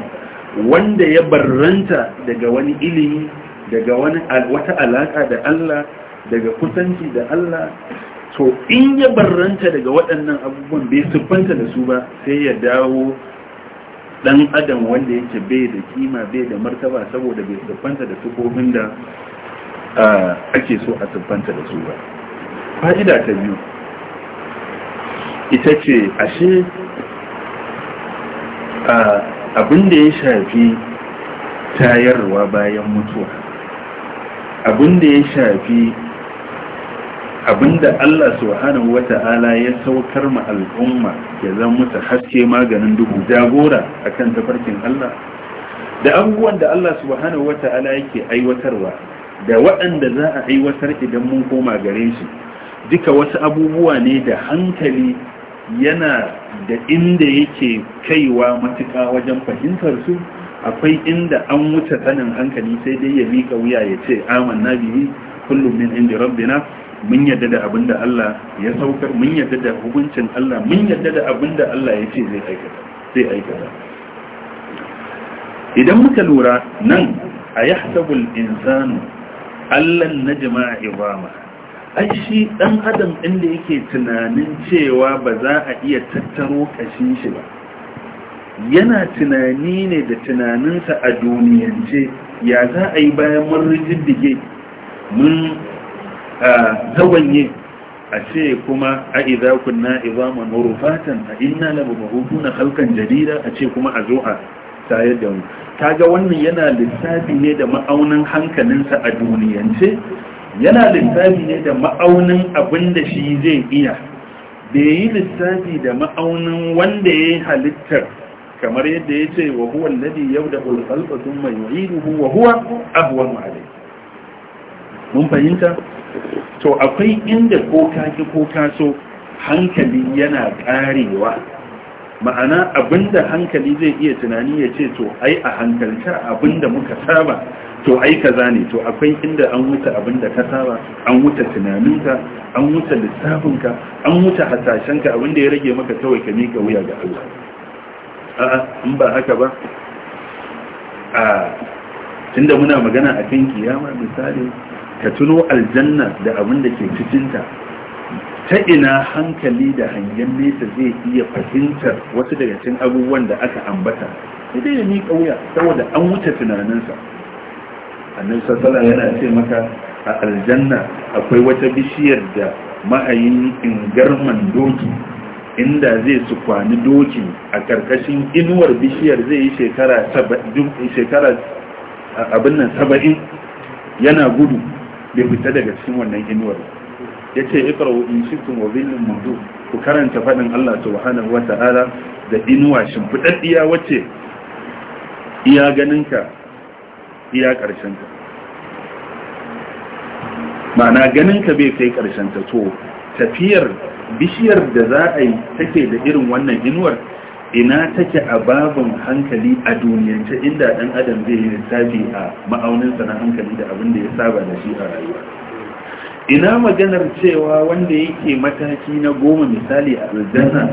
wanda ya barranta daga wani ilimi daga wata alaƙa da Allah daga kusanci da Allah to in ya barranta daga waɗannan abubuwan bai siffanta da su ba sai ya dawo ɗan adam wanda yake bai da kima bai da martaba saboda bai siffanta da sufofin da ake so a siffanta da su ba fa'ida ta biyu ita ce ashe abin da ya shafi tayarwa bayan mutuwa abin da ya shafi abinda Allah subhanahu wata'ala ya saukar ma al'umma ya zama musu haske maganin duhu jagora akan tafarkin Allah da abubuwan da Allah subhanahu wata'ala yake aiwatarwa da waɗanda za a aiwatar idan mun koma gare shi duka wasu abubuwa ne da hankali yana da inda yake kaiwa matuƙa wajen fahimtar su akwai inda an wuce tsanin hankali sai dai ya miƙa wuya ya ce amanna bihi kullum min inda rabbina mun yadda da abin da Allah ya saukar mun yadda da hukuncin Allah mun yadda da abin da Allah ya ce zai aikata zai aikata idan muka lura nan a yahsabul insanu allan najma ibama ai shi dan adam din da yake tunanin cewa ba za a iya tattaro kashin shi ba yana tunani ne da tunaninsa a duniyance ya za a yi bayan mun rijiddige mun zawanye a ce kuma a iza kunna izaman fatan a ina la mabhutuna khalqan jarida? a ce kuma a zo a tayar da mu kaga wannan yana lissafi ne da ma'aunin hankalinsa a duniyance yana lissafi ne da ma'aunin abin da shi zai iya da yi lissafi da ma'aunin wanda ya yi halittar kamar yadda ya ce wa huwa alladhi yabda'u al-khalqa thumma yu'iduhu wa huwa ahwanu alayh mun fahimta to akwai inda ko kaki ko kaso hankali yana karewa ma'ana abinda hankali zai iya tunani ya ce to ai a hankalta abinda muka saba to ai kaza ne to akwai inda an wuta abinda ka saba an wuta tunaninka an wuta lissafinka an wuta hasashenka abinda ya rage maka kawai ka mika wuya ga Allah a'a in ba haka ba a tunda muna magana akan kiyama misali ka tuno aljanna da abin da ke cikinta ta ina hankali da hangen nesa zai iya fahimtar wasu daga cikin abubuwan da aka ambata idan ya miƙa wuya saboda an wuce tunaninsa annabi sallallahu yana ce maka a aljanna akwai wata bishiyar da ma'ayin ingarman doki inda zai su kwani doki a karkashin inuwar bishiyar zai yi shekara abin nan saba'in yana gudu bai fita daga cikin wannan inuwar ya ce ikra'u in shiftum wa zillin ku karanta faɗin Allah subhanahu wa ta'ala da inuwa shimfiɗaɗɗiya wacce iya ganinka iya ƙarshenta ma'ana ganinka bai kai ƙarshenta to tafiyar bishiyar da za a yi take da irin wannan inuwar ina take a babin hankali a duniyance inda ɗan adam zai yi littafi a ma'auninsa na hankali da abin da ya saba da shi a rayuwa ina maganar cewa wanda yake mataki na goma misali a aljanna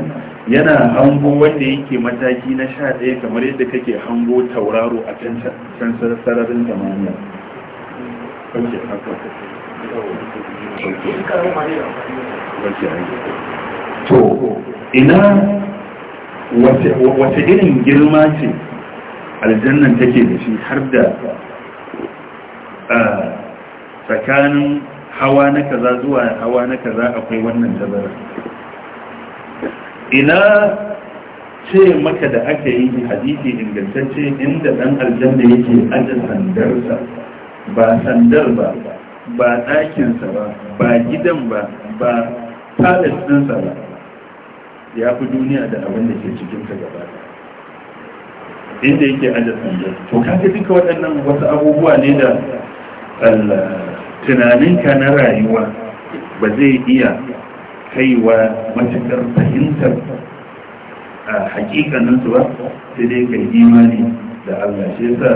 yana hango wanda yake mataki na sha ɗaya kamar yadda kake hango tauraro a can sararin zamaniya to ina wata irin girma ce aljannan take da shi har da ah, tsakanin hawa na kaza zuwa hawa na kaza akwai wannan tazara ina ce maka da aka yi hadisi ingantacce inda dan aljanna yake aje sandarsa ba sandar ba ba ɗakinsa ba ba gidan ba ba palace ɗinsa ba ya fi duniya da abin da ke cikin ta gaba inda yake aje sanjar to kaga duka waɗannan wasu abubuwa ne da tunaninka na rayuwa ba zai iya kaiwa matuƙar fahimtar a hakikanin ba sai dai kai imani da Allah shi yasa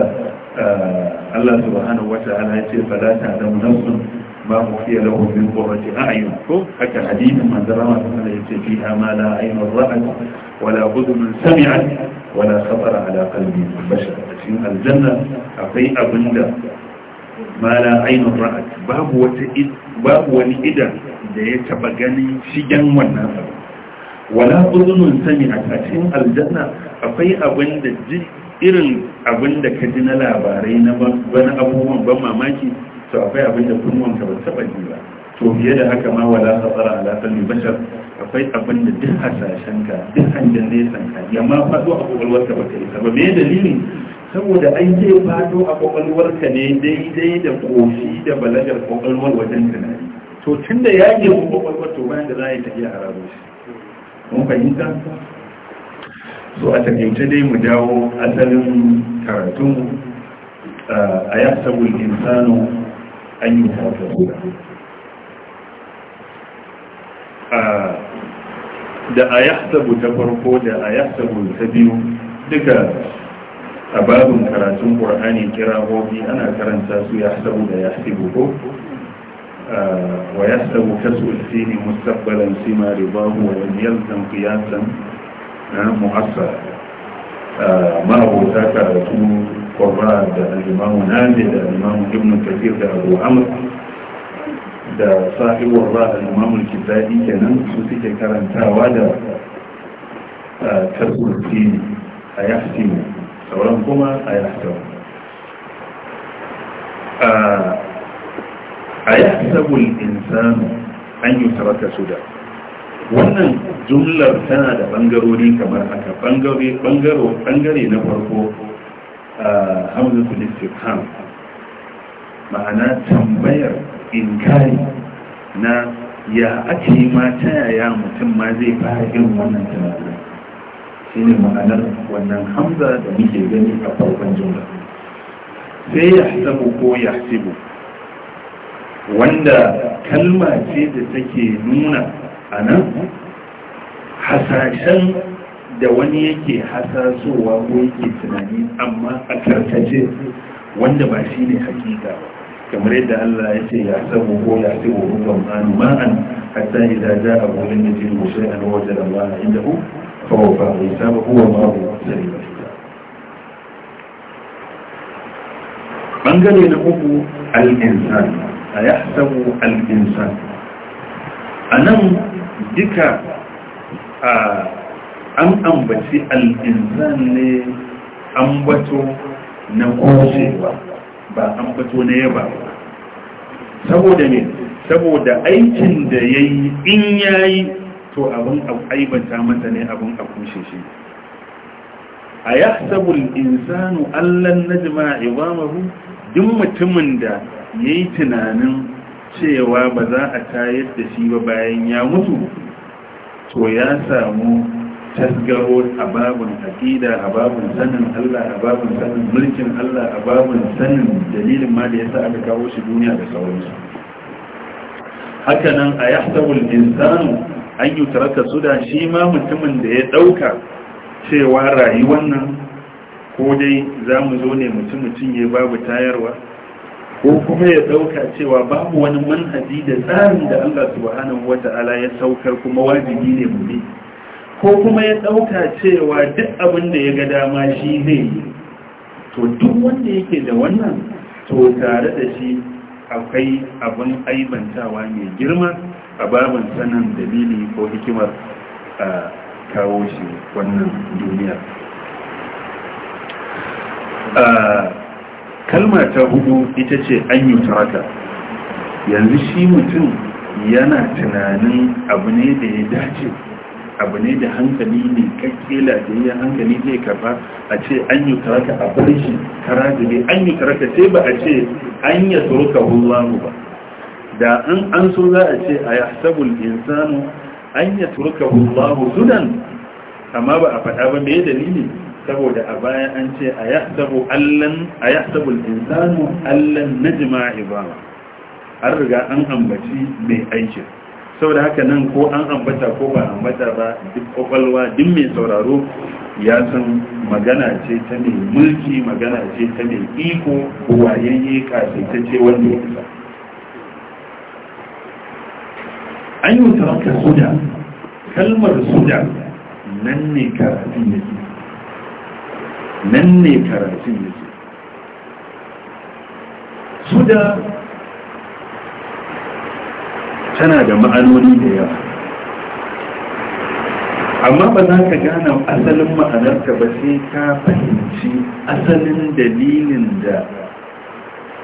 Allah subhanahu ta'ala ya ce za ta adamu nafsun ba mu fiye da hukumin kwarfashin ra'ayin ko haka hadisin manzara masu sanar yace ma la ainihin wala gudu min wala safara ala kalbi a cikin aljanna akwai abin da ma la ainihin ra'ayi babu wani idan da ya taba ganin shigen wannan wala uzunun sani a cikin aljanna akwai irin abin da ka ji na labarai na abubuwan ban mamaki to akwai abin da ka ba taɓa ji ba to fiye da haka ma wala hasara ala salmi bashar akwai abin da duk ka, duk hangen nesan ka ya ma faɗo a ka ba ka isa ba me dalilin saboda an ke faɗo a ka ne daidai da koshi da balagar kwakwalwar wajen tunani to tun da ya ke kwakwalwar to bayan da za a yi tafiya a rabo shi mun fahimta so a takaice dai mu dawo asalin karatun a yasabul insano أن يهاجروا da a ya sabu ta farko da a ya sabu ta biyu duka a babin karatun ƙwar'ani kira hobi ana karanta su ya sabu da ya sabu ko wa ya yahsabu kasu ulfini mustaqbalan sima ribahu wa lam yalzam qiyasan mu'assar ma abota karatu قراء da Alimamu الإمام da Alimamu أبو عمرو da Abu sahiwar ra'ar Alimamu kifaɗi kenan su suke karantawa da tasirci a ne, sauran kuma a yahtawa a yahtabul insanu an yi saraka su da wannan jumlar tana da ɓangarori kamar haka ɓangare na farko hamzatul istifham ma'ana tambayar inkari na ya ake ma ta yaya mutum ma zai fara irin wannan tunanin shi ne ma'anar wannan hamza da muke gani a farkon jumla sai ya sabu ko ya sibu wanda kalma ce da take nuna a nan hasashen da wani yake hasasowa ko yake tunani amma a karkace wanda ba shi ne hakika ba kamar yadda Allah ya ce ya sabu ko ya ce wa rukun anu ma'an hatta idza ja'a qulun yajid shay'an wajada Allah indahu fa huwa fa hisabu huwa ma huwa sari'a bangare na uku al-insan a yahsabu al-insan anan duka a an ambaci al'insan ne ambato na kushewa ba ambato na yaba saboda ne saboda aikin da ya yi in ya yi to abin aibanta mata ne abin a kushe shi a ya sabon insanu allon na jima'a ibamahu duk mutumin da ya yi tunanin cewa ba za a tayar da shi ba bayan ya mutu to ya samu Tasgabon a babin aƙida a babun sanin Allah a babun sanin mulkin Allah a babun sanin dalilin ma da ya sa aka kawo shi duniya da sauransu hakanan a yahsabul insanu an yi taraka su da shi ma mutumin da ya ɗauka cewa rayuwar nan ko dai za mu zo ne mutum mutum ya babu tayarwa ko kuma ya ɗauka cewa babu wani manhaji da tsarin da Allah subhanahu wata'ala ya saukar kuma wajibi ne mu bi ko kuma ya ɗauka cewa duk abin da ya ga dama shi zai yi to duk wanda yake da wannan to tare da shi akwai abin aibantawa mai girma a babin sanan dalili ko hikimar a kawo shi wannan duniya Kalmar ta hudu ita ce an yi taraka yanzu shi mutum yana tunanin abu ne da ya dace abu ne da hankali ne kakke yi hankali zai kafa a ce an yi karaka a bar shi kara ne an yi karaka sai ba a ce an ya turuka hullahu ba da an an so za a ce a yasabul insanu an ya turuka hullahu sudan amma ba a faɗa ba me dalili saboda a baya an ce a yahsabu allan a yahsabul insanu allan najma ibama an riga an ambaci mai aikin saboda haka nan ko an ambata ko ba ambata ba duk kwakwalwa duk mai sauraro ya san magana ce ta mai mulki magana ce ta mai iko ko ta ce wanda ya isa an yi wutarka suda kalmar suda nan ne karatun ce nan ne karatun ce suda tana da ma'anoni da yawa amma ba za ka gane asalin ma'anarta ba sai ka fahimci asalin dalilin da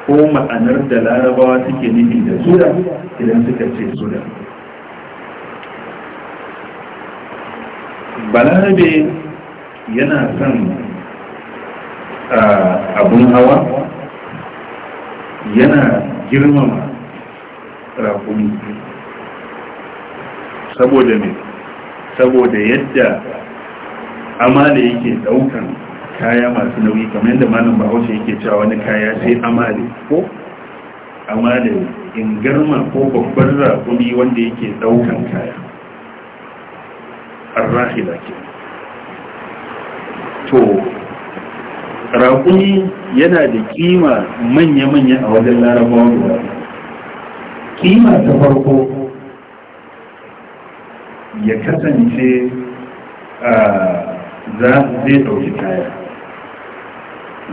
ko ma'anar da larabawa suke nufi da suda idan suka ce suda balarabe yana son abun hawa yana girmama raƙumi. saboda ne saboda yadda amale yake daukan kaya masu nauyi kamar yadda malam bahaushe yake cewa wani kaya sai amale ko amale in garma ko babban rakumi wanda yake daukan kaya arrahila ke to rakumi yana da kima manya-manya a wajen larabawa kima ta farko ya kasance za zai ɗauki kaya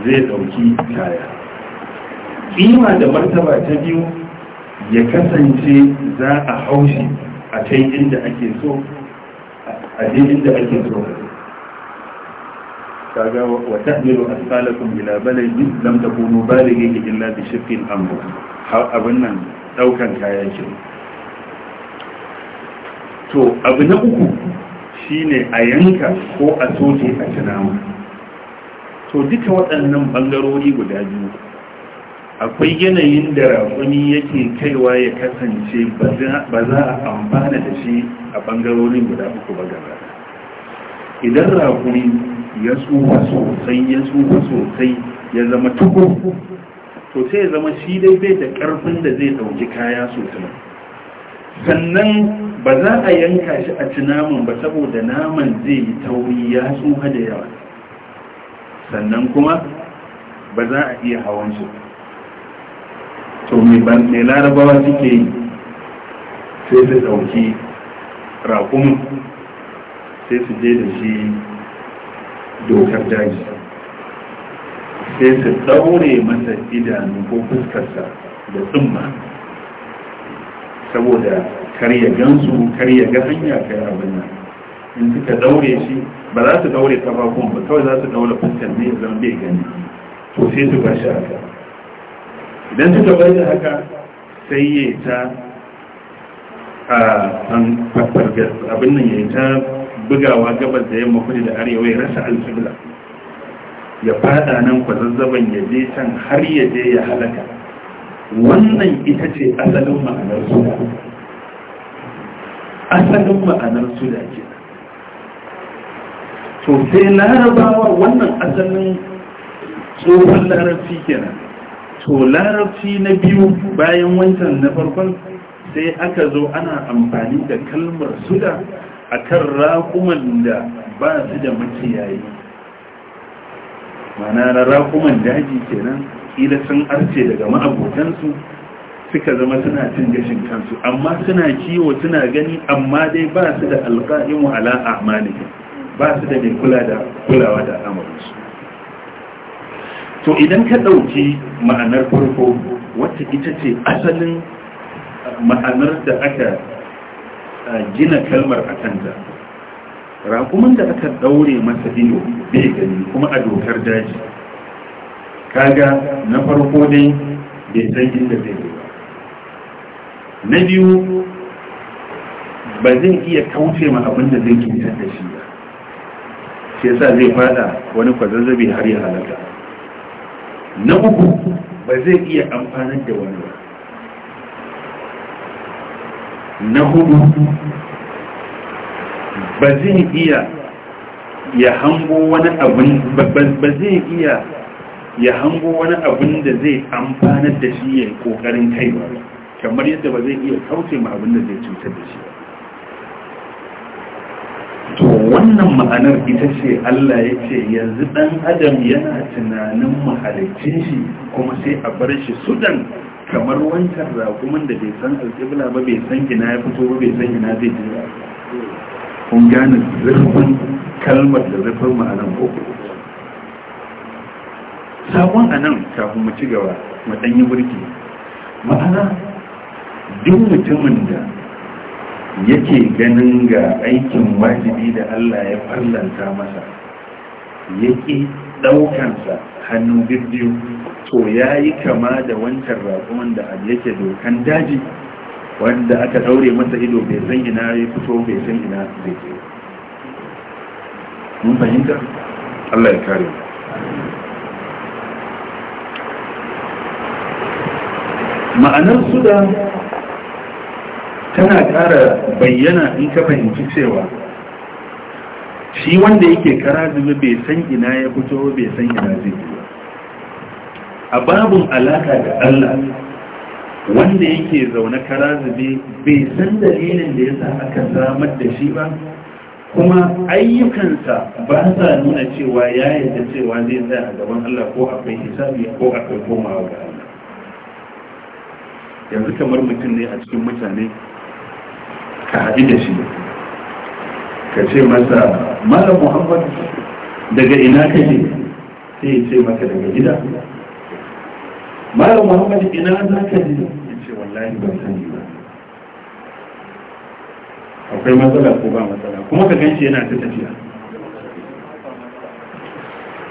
zai ɗauki kaya ƙima da martaba ta biyu ya kasance za a haushi a kai inda ake so a inda ake so kaga wa ta'milu asfalakum ila baladi lam takunu balighi illa bi shaqqin al-amr abin nan daukan kaya ce to abu na uku shine a yanka ko a soke a tunama to duka waɗannan ɓangarori guda biyu akwai yanayin da raƙuni yake kaiwa ya kasance ba za a amfana da shi a ɓangarorin guda uku ba gaba idan raƙuni ya tsufa sosai ya tsufa sosai ya zama tuku to sai ya zama shi dai bai da ƙarfin da zai ɗauki kaya sosai sannan ba za a yanka shi a ci naman ba saboda naman zai yi tauri ya tsuha da yawa sannan kuma ba za a iya hawan su to mai larabawa suke yi sai su ɗauki raƙumin sai su je da shi dokar daji sai su daure masa idanu ko fuskarsa da tsumma saboda karya ya gansu kar ga hanya kai abin nan in suka daure shi ba za su daure kafafun ba kawai za su daure fuskar ne ya zama bai gani to sai su shi haka idan suka bar da haka sai ya ta a abin nan ya ta bugawa gabas da yamma kudi da arewa ya rasa alƙibla ya fada nan kwazazzaban ya je can har ya je ya halaka wannan ita ce asalin ma'anar suna asalin ma'anar suda ke to sai larabawa wannan asalin tsohon larabci kenan to larabci na biyu bayan wancan na farkon sai aka zo ana amfani da kalmar suda a kan raƙuman da ba su da makiyayi mana na raƙuman daji kenan ƙila sun arce daga ma'abotansu suka zama suna cin gashin kansu amma suna kiwo suna gani amma dai ba su da alƙa'imu ala a'malihim ba su da mai kula da kulawa da al'amuransu to idan ka ɗauki ma'anar farko wacce ita ce asalin ma'anar da aka gina kalmar a kanta rakumin da aka ɗaure masa ido bai gani kuma a dokar daji kaga na farko ne bai san inda zai na biyu ba zai iya kauce ma abin da zai kinta da shi ba sai yasa zai fada wani kwazazzabi har ya halaka na uku ba zai iya amfanar da wani ba na hudu ba zai iya ya hango wani abin ba zai iya ya hango wani abin da zai amfanar da shi ya kokarin kaiwa ba kamar yadda ba zai iya kauce ma abin da zai cutar da shi to wannan ma'anar ita ce Allah ya ce yanzu dan adam yana tunanin mahalicin shi kuma sai a bar shi sudan kamar wancan rakumin da bai san alƙibla ba bai san gina ya fito ba bai san gina zai je ba kun gane zurfin kalmar da zurfin ma'anar ko sabon anan kafin mu ci gaba mu danyi burki ma'ana duk mutumin da yake ganin ga aikin wajibi da Allah ya farlanta masa yake ɗaukansa hannu biyu to ya yi kama da wancan raƙuman da yake dokan daji wanda aka daure masa ido bai san ina ya fito bai san ina zai je mun fahimta Allah ya kare ma'anar su da tana ƙara bayyana in ka fahimci cewa shi wanda yake kara zuwa bai san ina ya fito bai san ina zai a babun alaka da Allah wanda yake zaune kara zube bai san dalilin da ya sa aka samar da shi ba kuma ayyukansa ba sa nuna cewa ya yadda cewa zai tsaya a gaban Allah ko akwai hisabi ko akwai komawa ga Allah yanzu kamar mutum ne a cikin mutane ka haɗu da shi ka ce masa malam muhammad daga ina ka kake sai ya ce maka daga gida malam muhammad ina za ka ji ya ce wallahi ban sani ba akwai matsala ko ba matsala kuma ka ganci yana ta tafiya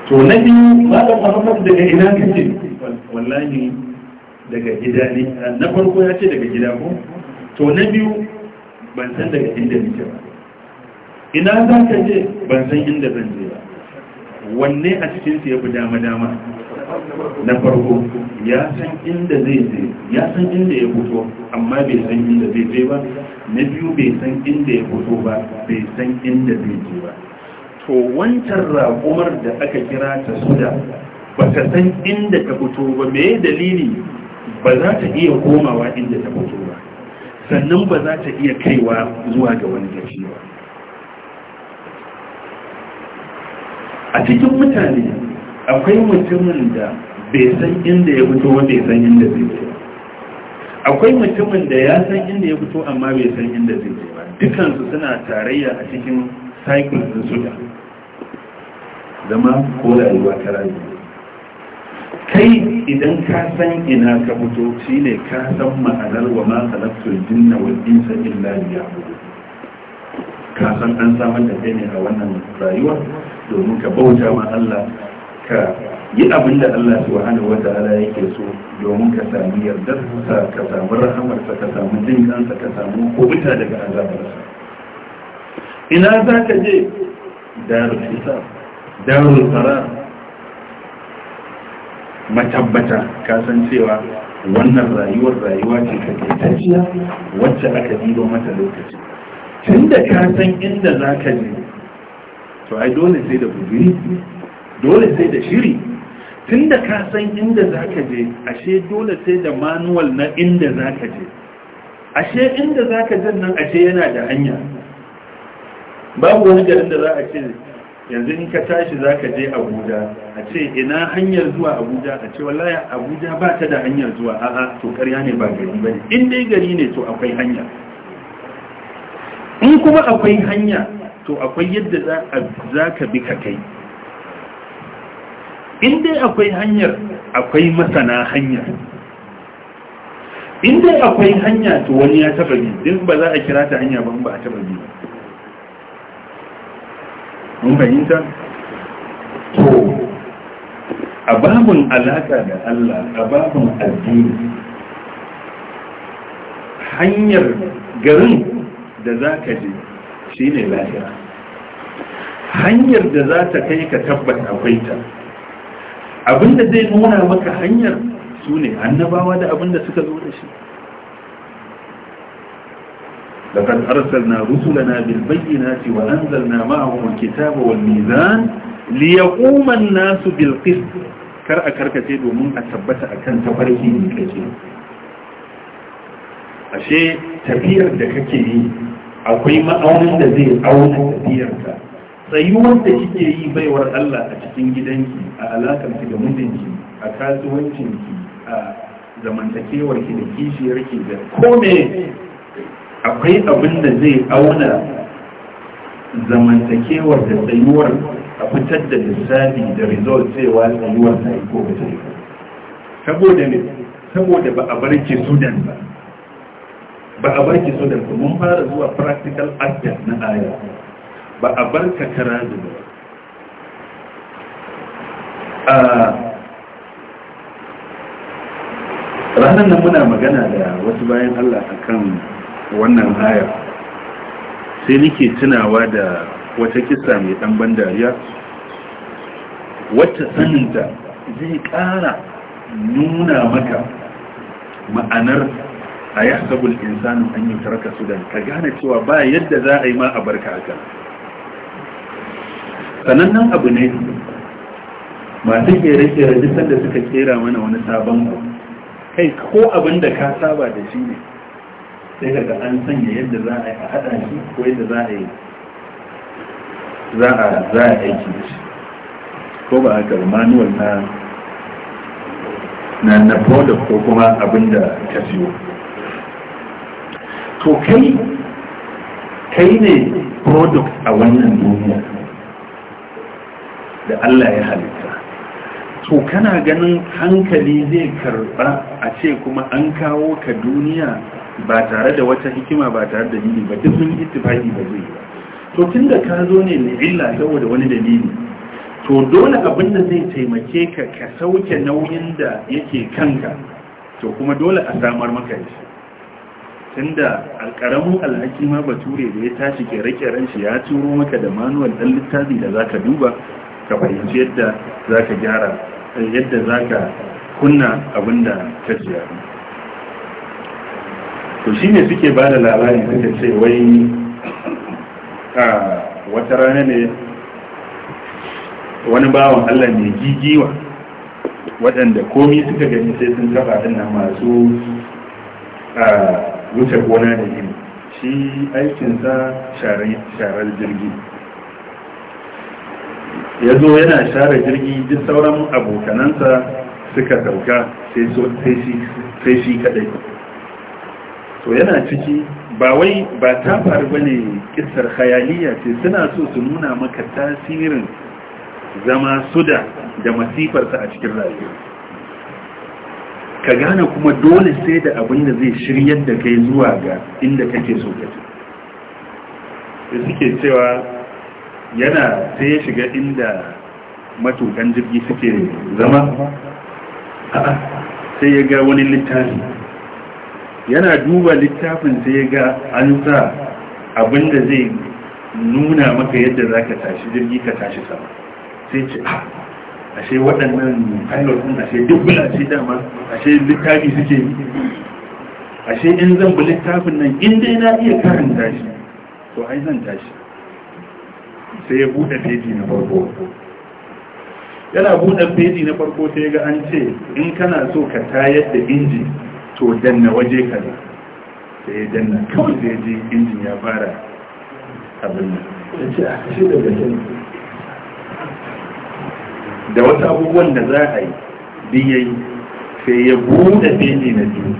to na biyu malam muhammad daga ina ka kake wallahi daga gida ne na farko ya ce daga gida ko to na biyu ban san daga inda nake ba ina za ka je ban san inda zan je ba wanne a cikinsu ya fi dama-dama na farko ya san inda zai je ya san inda ya fito amma bai san inda zai je ba na biyu bai san inda ya fito ba bai san inda zai je ba to wancan raƙumar da aka kira ta suda ba ta san inda ta fito ba me dalili ba za ta iya komawa inda ta fito ba sannan ba za ta iya kaiwa zuwa ga wani gaci ba a cikin mutane akwai mutumin da bai san inda ya fito bai san inda zai ce akwai mutumin da ya san inda ya fito amma bai san inda zai ce ba dukansu suna tarayya a cikin cycle din su da zama ko rayuwa ta rayuwa kai idan ka san ina ka fito shi ne ka san ma'anar wa ma khalaqtul jinna wal insa illa liya'budun ka san an samar da kai ne a wannan rayuwa domin ka bauta ma Allah ka yi abin da Allah subhanahu wa ta'ala yake so domin ka sami sa ka samu rahamarsa ka samu jin kansa ka samu kubuta daga azabarsa ina za ka je darul hisab darul qarar matabbata kasan cewa wannan rayuwar rayuwa ce ta takaitacciya wacce aka diba mata lokaci tun da ka san inda za ka je to ai dole sai da bugiri dole sai da shiri tun da ka san inda za ka je ashe dole sai da manuwal na inda za ka je ashe inda za ka nan ashe yana da hanya babu wani garin da za a ce yanzu in ka tashi za ka je abuja a ce ina hanyar zuwa abuja a ce wallaya abuja ba ta da hanyar zuwa a'a to karya ne ba gari ba ne in dai gari ne to akwai hanya in kuma akwai hanya to akwai yadda za ka bi ka kai in dai akwai hanyar akwai masana hanyar in dai akwai hanya to wani ya taba bi din ba za a kira ta hanya ba ba a taba bi ba mun fahimta to a babin alaka da Allah a babin addini hanyar garin da za ka je shi ne lahira hanyar da za ta kai ka tabbata akwai ta abinda zai nuna maka hanyar su ne annabawa da abinda suka zo da shi لقد أرسلنا رسلنا بالبينات وأنزلنا معهم الكتاب والميزان ليقوم الناس بالقسط كرأ كركتي ومن أثبت أكن تفرقي من كثير أشيء تفير دككي أقوي ما أولا ذي أولا تفير tsayuwar da kike yi baiwar Allah a cikin gidanki a alakarki da mijinki a kasuwancinki a zamantakewarki da kishiyarki da kome akwai abin da zai auna zamantakewar da tsayuwar a fitar da lissafi da result cewa tsayuwar ta yi ko ba ta yi saboda ne saboda ba a barke sudan ba ba a barke sudan ba mun fara zuwa practical actor na aya ba a bar barka karatu ba a ranar nan muna magana da wasu bayan allah a akan wannan ayar sai nake tunawa da wata kisa mai dan ban dariya wacce saninta zai kara nuna maka ma'anar a ya sabul insanin an yi tarka sudan ka gane cewa ba yadda za a yi ma a barka akan sanannen abu ne masu kere-kere duk da suka kera mana wani sabon kai ko abin da ka saba da shi ne sai daga an sanya yadda za a yi a haɗa shi ko yadda za a yi za a aiki da shi ko ba haka ba manuwal na na na product ko kuma abin da ka siyo to kai kai ne product a wannan duniya da Allah ya halitta to kana ganin hankali zai karba a ce kuma an kawo ka duniya ba tare da wata hikima ba tare da dalili ba duk sun ittifaki ba zai ba to tun da ka zo ne ne illa saboda wani dalili to dole abin da zai taimake ka ka sauke nauyin da yake kanka to kuma dole a samar maka shi tunda karamin alhaki ma bature da ya tashi kere-keren shi ya turo maka da manuwal dan littafi da zaka duba ka fahimci yadda zaka gyara yadda zaka kunna abin da ka siya to shi ne suke ba da labari suka ce wai a wata rana ne wani bawan allah mai gigiwa waɗanda komi suka gani sai sun taba ɗannan masu a wuce gona da gini shi aikinsa sharar jirgi ya zo yana share jirgi duk sauran abokanansa suka dauka sai shi kaɗai to yana ciki ba wai ba ta faru bane kissar khayaliya ce suna so su nuna maka tasirin zama suda da masifarsa a cikin rayuwa ka gane kuma dole sai da abin da zai shiryar da kai zuwa ga inda kake so ka ce suke cewa yana sai ya shiga inda matukan jirgi suke zama sai ya ga wani littafi yana duba littafin sai ga an sa abin da zai nuna maka yadda za ka tashi jirgi ka tashi sama sai ce a ah, ashe waɗannan pilotin ashe dubbula ce dama ashe littafi suke ashe in zan bi littafin nan inda yana iya karanta shi to ai zan tashi sai ya buɗe feji na farko yana buɗe feji na farko sai ga an ce in kana so ka tayar da inji to danna waje kaza da ya danna kawai da ya ji injin ya fara abin ah, da da wasu abubuwan da za a yi biyayi sai ya buɗe fili na biyu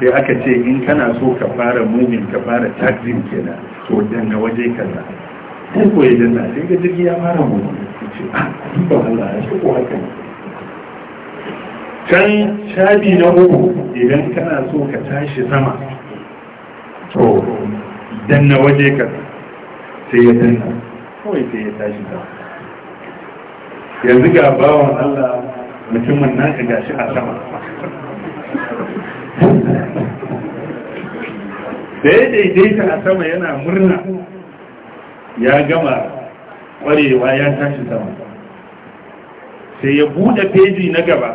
sai aka ce in kana so ka fara mumin ka fara taxin kena. to danna waje kaza sai ko ya danna sai ga jirgi ya fara mumin ce a ah, ba Allah ya shi ko haka ne can shabi na uku idan kana so ka tashi sama to danna waje ka sai ya danna kawai sai ya tashi sama yanzu ga bawan Allah mutumin nan ka gashi a sama da ya daidaita a sama yana murna ya gama kwarewa ya tashi sama sai ya bude feji na gaba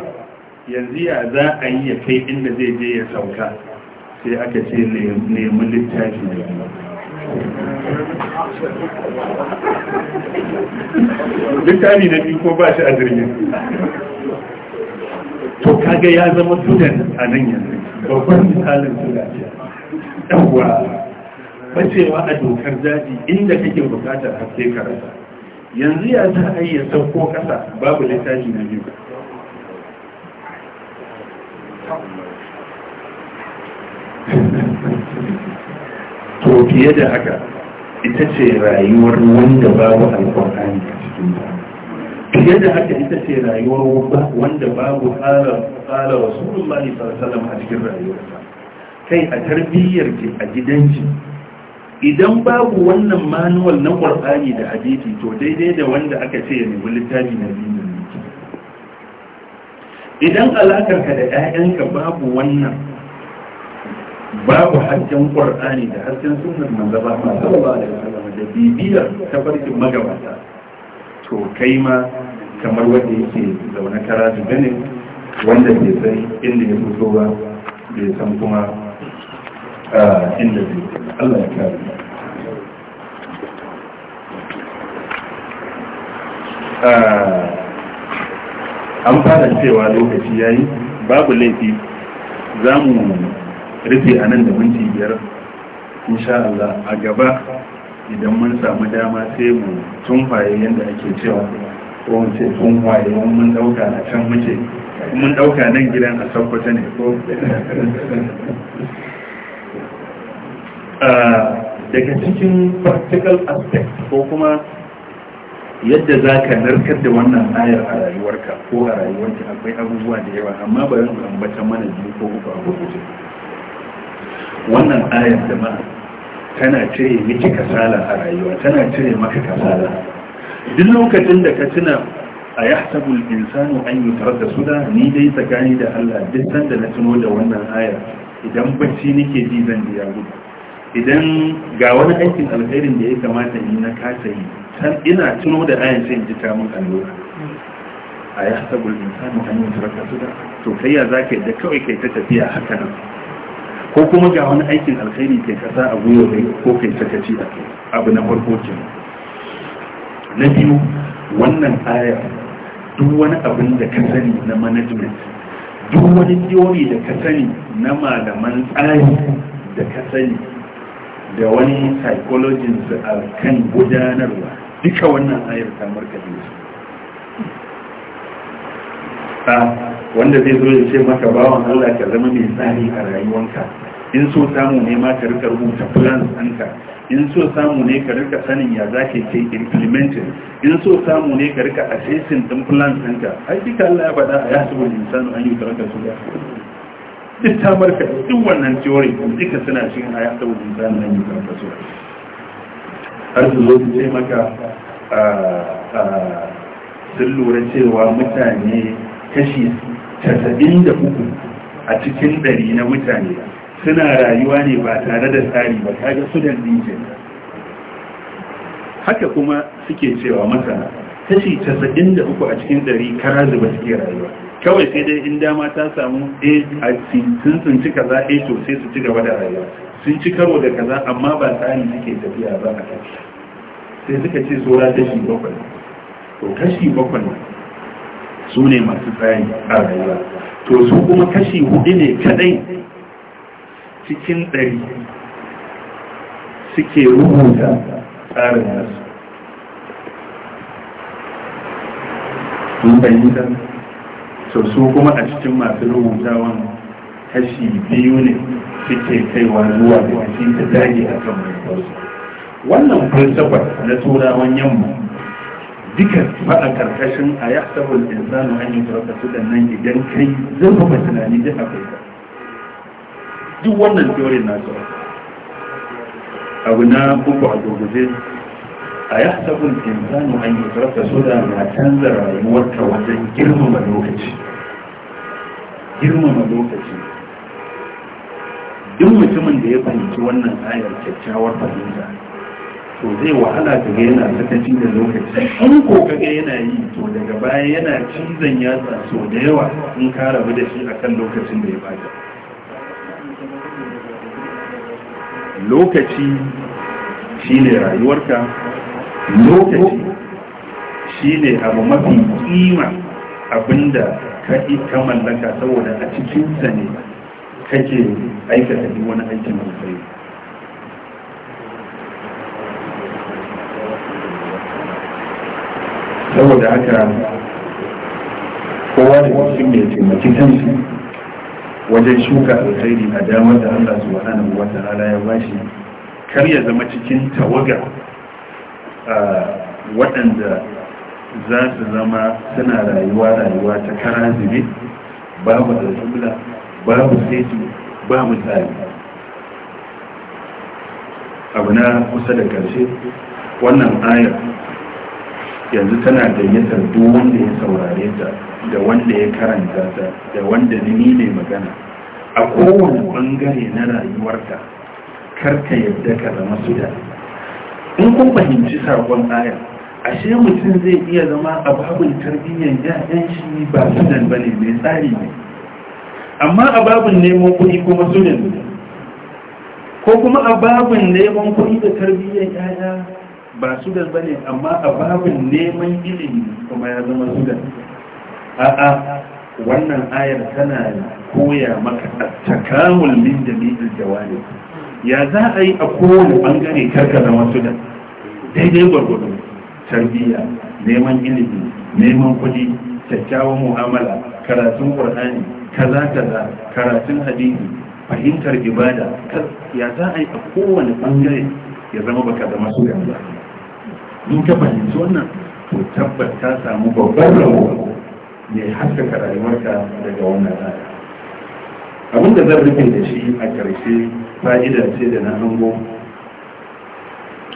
yanzu ya za a yi ya kai inda zai je ya sauka sai aka ce neman littafi littafi na biyu ko ba shi a jirgin to kaga ya zama sudan a nan yanzu babban misalin sudan yawwa bacewa a dokar daji inda kake bukatar haske karasa yanzu ya za a yi ya sauko kasa babu littafi na biyu to fiye da haka ita ce rayuwar wanda babu alƙur'ani a cikin ta fiye da haka ita ce rayuwar wanda babu tsara rumani sallallahu a cikin rayuwarsa kai a tarbiyyar ke a gidanci idan babu wannan manuwal na ƙur'ani da hadithi to daidai da wanda aka ce ya nemi littafi na biyu idan alakarka da 'ya'yanka babu wannan babu hasken ƙwar'ani da hasken sunan manzaba masu ba da bibiyar tafarkin magabata to kai ma kamar wanda yake zaune kara ganin wanda bai san inda ya fito ba bai san kuma inda zai Allah ya kare Uh, an fara cewa lokaci yayi babu laifi za mu rufe a nan da minti biyar insha Allah a gaba idan mun samu dama sai mu tunfaye yadda ake cewa ko mu ce tunfaye mun dauka na can muke mun dauka nan gidan a sakwata ne ko ah, daga cikin practical aspect ko kuma yadda za ka narkar da wannan ayar a rayuwarka ko a rayuwarki akwai abubuwa da yawa amma ba mu ambata mana biyu ko uku a gurguje wannan ayar da ma tana cire miki kasala a rayuwa tana cire maka kasala duk lokacin da ka tuna a ya sabul insanu an yi tarar da suda ni dai tsakani da allah duk sanda na tuno da wannan ayar idan bacci nake ji zan biya gudu idan ga wani aikin alherin da ya kamata yi na kasa yi ina tuno da ayan sai in ji ta mun allura a ya hasa gulbin samun hanyar turaka su da to kai ya za ka yadda kawai kai ta tafiya haka nan ko kuma ga wani aikin alheri ke kasa a gwiwa kai ko kai ci a kai abu na farko ke na biyu wannan ayar duk wani abin da ka sani na management duk wani theory da ka sani na malaman tsari da ka sani da wani psychologist a kan gudanarwa duka wannan ayar ta ka su a wanda zai zo ya ce maka bawan Allah ka zama mai tsari a rayuwanka in so samu ne ma ka rika rubuta plans ɗanka in so samu ne ka rika sanin ya za ka ke implementing in so samu ne ka rika assessing ɗin plans ɗanka ai duka Allah ya faɗa a yasu insanu an yi tarkar su ya duk ta marka duk wannan teori duka suna cikin haya saboda zan nan yi karfaso har su zo su ce maka ah, ah, sun lura cewa mutane kashi casa'in da uku a cikin ɗari na mutane suna rayuwa ne ba tare da tsari ba kaga su da haka kuma suke cewa masana kashi 93 da uku a cikin ɗari kara zuba suke rayuwa kawai sai dai in dama ta samu a sun sun ci kaza a to sai su ci gaba da rayuwa sun ci karo da kaza amma ba tsari suke tafiya ba a kashi sai suka ce tsora kashi bakwai to kashi bakwai su ne masu tsari a rayuwa to su kuma kashi hudu ne kadai cikin ɗari suke rubuta tsarin nasu sun fahimta so su kuma a cikin masu rubutawan kashi biyu ne suke kaiwa zuwa da kashi ta dage a kan manufarsu wannan falsafar na turawan yamma duka ba a karkashin a ya sabon insanu an yi turaka su nan idan kai zurfafa tunani duk a kai duk wannan teorin na abu na uku a gurguje a ya sabon insanu an yi tsarka soda na canza rayuwarka wajen girmama lokaci girmama lokaci duk mutumin da ya fahimci wannan ayar kyakkyawar fahimta to zai wahala ka ga yana sakaci da lokaci in ko ka ga yana yi to daga baya yana cizon yatsa sau da yawa in ka rabu da shi akan lokacin da ya bata lokaci shine rayuwarka lokaci shi ne abu mafi kima abinda ka yi ta mallaka saboda a cikinsa ne kake aikata duk wani aikin kai. saboda haka kowa da cikin mai taimaki kansu wajen shuka alkhairi a damar da Allah subhanahu wa ta'ala ya bashi kar ya zama cikin tawaga waɗanda za su zama suna rayuwa rayuwa ta kara zube babu alhamdula babu setu babu tsari abu na kusa da ƙarshe wannan ayar yanzu tana gayyatar duk wanda ya saurare ta da wanda ya karanta ta da wanda ni ne magana a kowane ɓangare na rayuwarka karka yadda ka zama su da in kun fahimci sabon ayar ashe mutum zai iya zama a babin tarbiyyar ya'yan shi ba sunan bane mai tsari ne amma a babin neman kuɗi kuma sunan ne ko kuma a babin neman kuɗi da tarbiyyar ya'ya ba sunan bane amma a babin neman ilimi kuma ya zama sunan a'a wannan ayar tana koya maka takamul min jami'il jawalin ya za a yi a kowane bangare karka zama su da daidai gwargwado tarbiyya neman ilimi neman kudi kyakkyawan mu'amala karatun ƙur'ani kaza kaza karatun hadisi fahimtar ibada ya za a yi a kowane bangare ya zama baka zama su da ba in ka fahimci wannan to tabbata samu babban rawa ne haskaka rayuwarka daga wannan rana abin da zan rufe da shi a ƙarshe fa'ida ce da na hango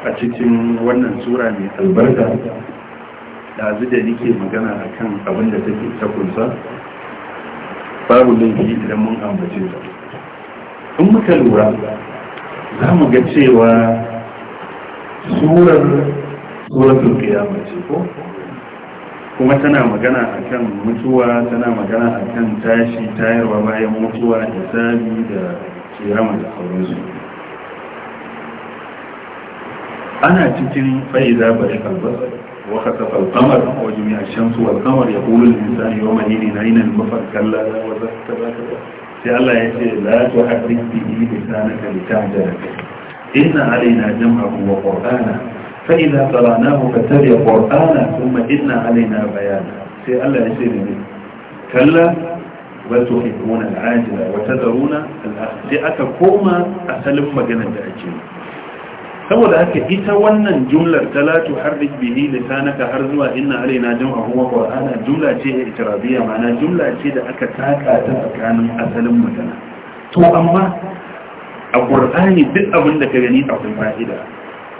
a cikin wannan sura mai albarka ɗazu da nike magana a kan abin da take takunsa babu laifi idan mun ambace ta in muka lura za mu ga cewa surar suratul kiyamace ce ko kuma tana magana a kan mutuwa tana magana a kan tashi tayarwa bayan mutuwa da sami da kirama da sauransu ana cikin fa'iza bari kalbasa waka ta falkamar wa jami'a shamsu su kamar ya kulun insani yau mahini na yinan mafar kalla wata ta ba ta ba sai Allah ya ce la tu haddik bihi lisanaka litajara inna alaina jam'ahu wa qur'ana فإذا قرأناه فتبع قرآنا ثم إن علينا بيانا سي الله يسير به كلا بل تحبون العاجلة وتذرون الأخزئة كوما أسلم مجنة أجل saboda haka ita wannan jumlar Talatu har tuharrik bihi har zuwa inna alaina jam'ahu wa qur'ana jumla ce itirabiyya ma'ana jumla ce da aka taka ta tsakanin asalin magana to amma a qur'ani duk abinda ka gani akwai fa'ida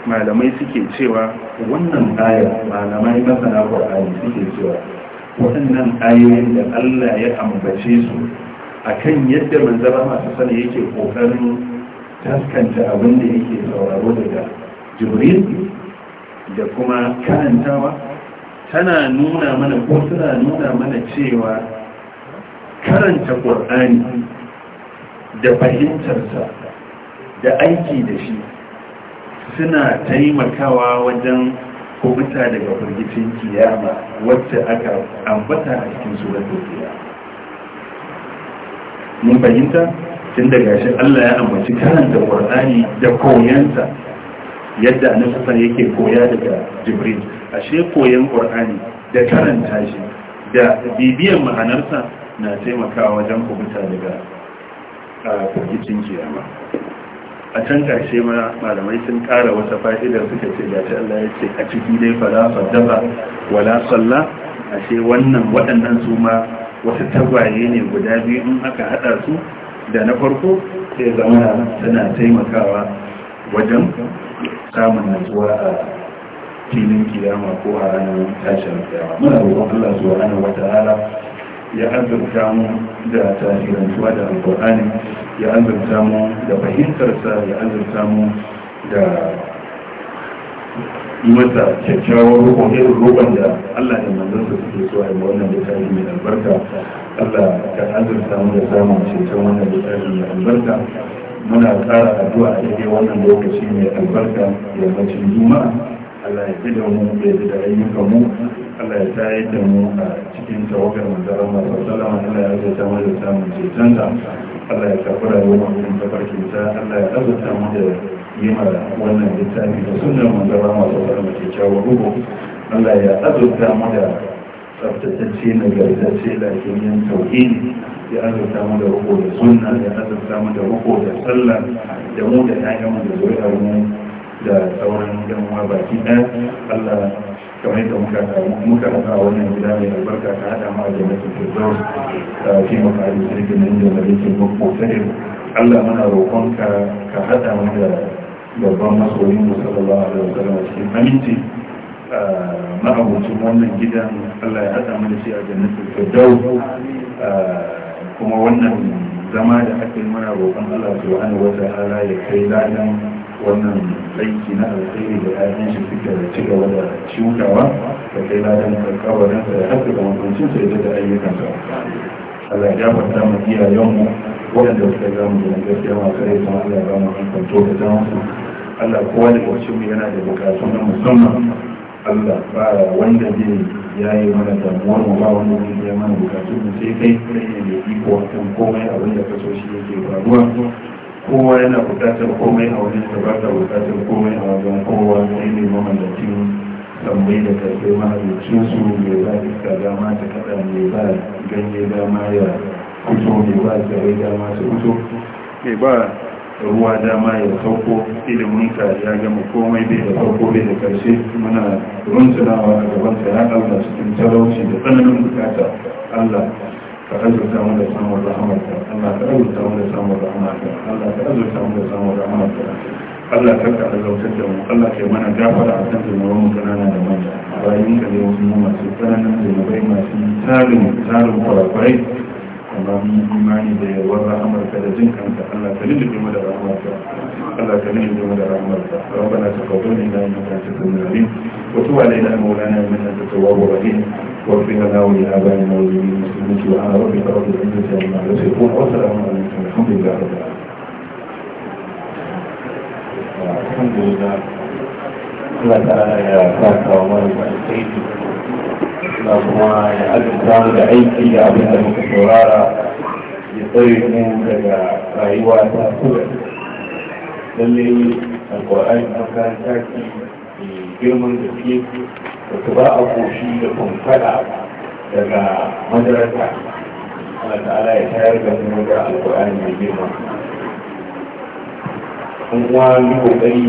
malamai suke cewa wannan ayar malamai masana ƙwararri suke cewa waɗannan ayoyin da Allah ya ambace su a kan yadda manzara masu sani yake ƙoƙarin taskanta abin da yake sauraro daga jibril da kuma karantawa tana nuna mana ko suna nuna mana cewa karanta ƙwararri da fahimtarsa da aiki da shi suna taimakawa wajen kubuta daga firgicin kiyama wacce aka ambata a cikin surar kiyama mun fahimta tun daga shi Allah ya ambaci karanta Qur'ani da koyanta yadda annabi yake koya daga Jibril ashe koyan Qur'ani da karanta shi da bibiyan ma'anarsa na taimakawa wajen kubuta daga ah, firgicin kiyama a can ƙarshe ma malamai sun kara wata fa'idar suka ce gashi Allah ya ce a ciki dai fara fadaba wala salla ashe wannan waɗannan su ma wasu tagwaye ne guda biyu in aka haɗa su da na farko sai zama tana taimakawa wajen samun natsuwa a filin kiyama ko a ranar tashin kiyama muna roƙon Allah wata rana. ya azurta mu da tasirantuwa da alkur'ani ya azurta mu da fahimtarsa ya azurta mu da mata kyakkyawar rukun roƙon da allah da manzansa suke so a yi wannan littafi mai albarka allah ka azurta mu da samun cikin wannan littafi mai albarka muna ƙara addu'a a daidai wannan lokaci mai albarka yammacin juma'a allah ya fi da mu bai da ayyukan mu Allah ya tayi da mu a cikin tawagar manzara masu salama Allah ya zai samar da samun cetonta Allah ya karɓi rayuwar mutum ta farkinta Allah ya azurta mu da yi ma wannan littafi da sunan manzara masu salama kyakkyawar rubu Allah ya azurta mu da na tsabtatacce da kimiyyar tauhin ya azurta mu da rubo da sunna ya azurta mu da rubo da sallah da mu da 'ya'yanmu da zuwa mu da sauran yan uwa baki ɗaya Allah kamar yadda muka muka hada wannan gida mai albarka ta hada ma da mutum da zuwa ta fi maka da sirkin nan da ke yake kokarin Allah mana roƙonka ka ka hada mu da babban masoyin mu sallallahu alaihi wasallam cikin aminci abincin wannan gidan Allah ya hada mu da shi a jannatul firdaus kuma wannan zama da ake mana roƙon Allah subhanahu wa ta'ala ya kai ladan wannan aiki na alkhairi da ainihin shi suke da ci gaba da ciwutawa da kai ladan karkawarin da ya haska da mutuncin sai da ayyukansa Allah ya fata mu iyayen mu wanda suka ga mu da gaskiya ma kare ta Allah ba mu to da jan su Allah ko wani wacce mu yana da bukatu na musamman Allah ba wanda zai yayi mana damuwar mu ba wanda zai yi mana bukatu mu sai kai kai ne da iko kan komai abin da kaso shi yake faruwa kowa yana bukatar komai a wajen ba ta bukatar komai a wajen kowa sai ne mamallacin tambayi da karfe mahalicin su mai ba iska dama ta kada mai ba ganye dama ya kuto mai ba tsare dama ta kuto mai ba ruwa dama ya sauko ilimin ka ya gama komai bai da farko bai da karshe muna runtunawa a gaban ka ya allah cikin talauci da tsananin bukata allah فأزلت أمر سامر رحمتك ألا فأزلت أمر سامر رحمتك ألا فأزلت أمر سامر رحمتك ألا تبقى زوجته ألا كمانا جعفر عسان في مرون كنانا دمجا رأيين كليوم سنوما سلطانا لنبي ما في سالم سالم قرقعي اللهم إيماني بيوضع أمرك لزنك أنت ألا تلد بمدى رحمتك ألا تلد بمدى رحمتك ربنا تقبلنا إنك أنت العليم وتب علينا مولانا من أنت التواب الرحيم واغفر لنا ولآبائنا وللمسلمين سبحان ربك رب العزة عما يصفون وسلام عليكم الحمد لله رب العالمين الحمد لله Allah ta'ala ya saka wa mara mai da kuma ya azurta mu da aiki da abin da muka saurara ya tsare mu daga rayuwa ta kula lalle alƙur'ani makaranta ce girman gaske da su ba a koshi da kumfada daga madarasa Allah ta'ala ya tayar da mu da alƙur'ani mai girma kuma yi kokari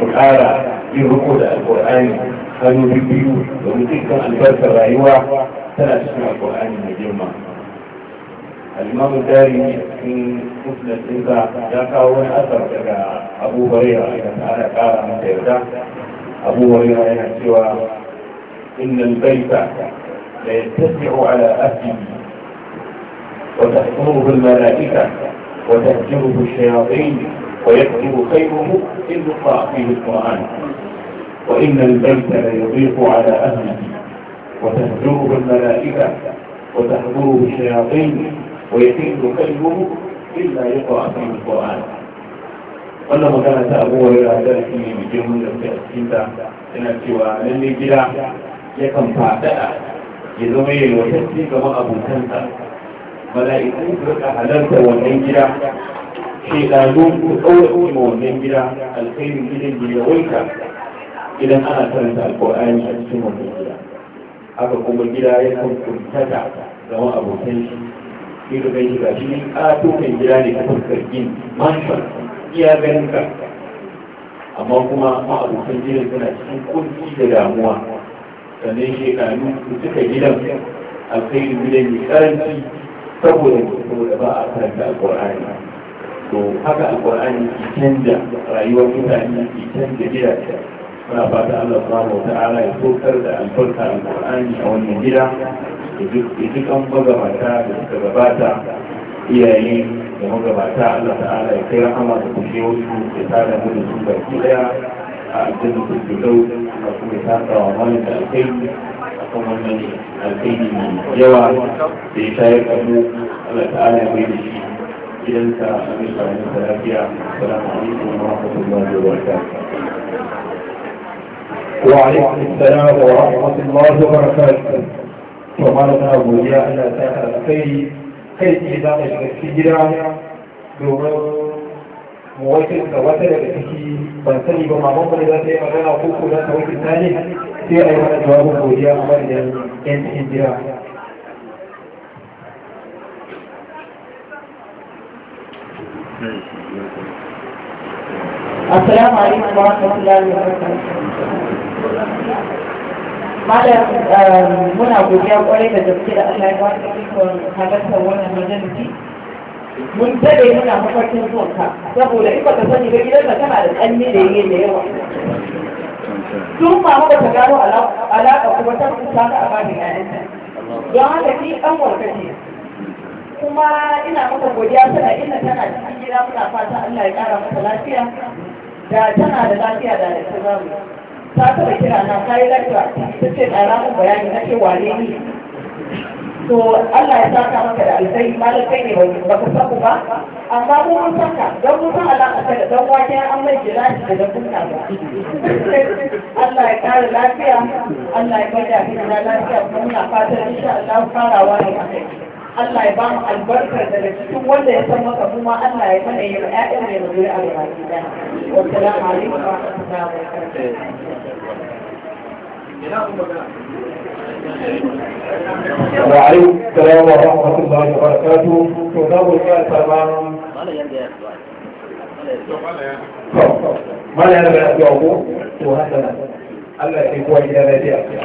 mu ƙara yin riko da alƙur'ani hannu biyu domin dukkan albarkar rayuwa tana cikin alƙur'ani mai girma الإمام الداري في مسند إنسا ذاك هو أثر أبو هريرة إذا تعالى قال من سيرجع أبو هريرة يحكي إن البيت ليتسع على أهله وتحكمه الملائكة وتهجره الشياطين ويكتب خيره إن يقرأ فيه القرآن وإن البيت ليضيق على أهله وتهجره الملائكة وتحضره الشياطين ويكتب خيره إلا يقرأ فيه القرآن wannan magana ta abubuwa da ta shi ne mai girman da suka cikin ta yana cewa lalle gida ya kan faɗaɗa ya zama ya wata gama abokansa mala'iku su rika halarta wannan gida shaidanu ku ɗaura ma wannan gida alkhairin gidan gida wanka idan ana karanta alkur'ani a cikin wannan gida haka kuma gida ya kan kuntata gaban abokan shi sai ka gaishe ga shi ƙato kan gida ne ta fuskar gini mansion iya ganin ka amma kuma ma'abokan gidan suna cikin kurki da damuwa sannan shekaru suka gidan da gidan mai karanci saboda saboda ba a karanta alkur'ani to haka alkur'ani ke canja rayuwar mutane ke canja gidaje muna fata Allah subhanahu wata'ala ya sokar da albarka alkur'ani a wannan gida da duk an magabata da suka gabata iyayen da magabata Allah ta'ala ya kai rahama da kushe wasu ya tada mu da su baki daya a aljanna su ke dau da kuma taka wa mana da alkai a kan wannan alkai mai yawa da ya shayar da mu Allah ta'ala ya bai da shi gidansa a mai kwanin da lafiya salamu alaikum wa rahmatullahi wa barakatuh وعليكم السلام ورحمة الله وبركاته وما لنا أبو الله أن أتاك الخير kai tsaye za cikin gida domin wakil da wata daga ciki ban sani ba maman ba za ta yi magana ko ko za ta wakil ta ne sai a yi mana jawabin godiya a madadin yan cikin gida السلام عليكم ورحمة الله وبركاته Malam eh, muna godiya kwarai da gaske da Allah ya ba ka ikon halartar wannan majalisi. Mun dade muna mafarkin zuwan ka saboda in baka sani ba gidan ka tana da tsanni da yake da yawa. Tun ma ba ta gano alaƙa kuma ta kusa ka a bani ƴaƴanta. Don haka ni ɗan warka ne. Kuma ina maka godiya tana ina tana cikin gida muna fata Allah ya ƙara mata lafiya. Da tana da lafiya da da ta zamu. ta taɓa kira na yi lafiya ta ce tsara mun bayani na ce wane ne to Allah ya saka maka da alzai malar kai ne ba ka saku ba amma mu mun saka don mun san alaƙa ta da dan wake an mai jira shi da dabun ka ba Allah ya kare lafiya Allah ya bada da lafiya kuma na fatan insha Allah farawa ne akai Allah ya ba mu albarkar daga cikin wanda ya san maka kuma Allah ya mana yi ƴaƴan mai rubuta a baki ɗaya. Wassalamu alaikum wa rahmatullahi wa barakatuh. Wa alaikum salam wa rahmatullahi wa barakatuh. To za mu mana yana da yawa ko to hasana Allah ya kai kowa gida lafiya.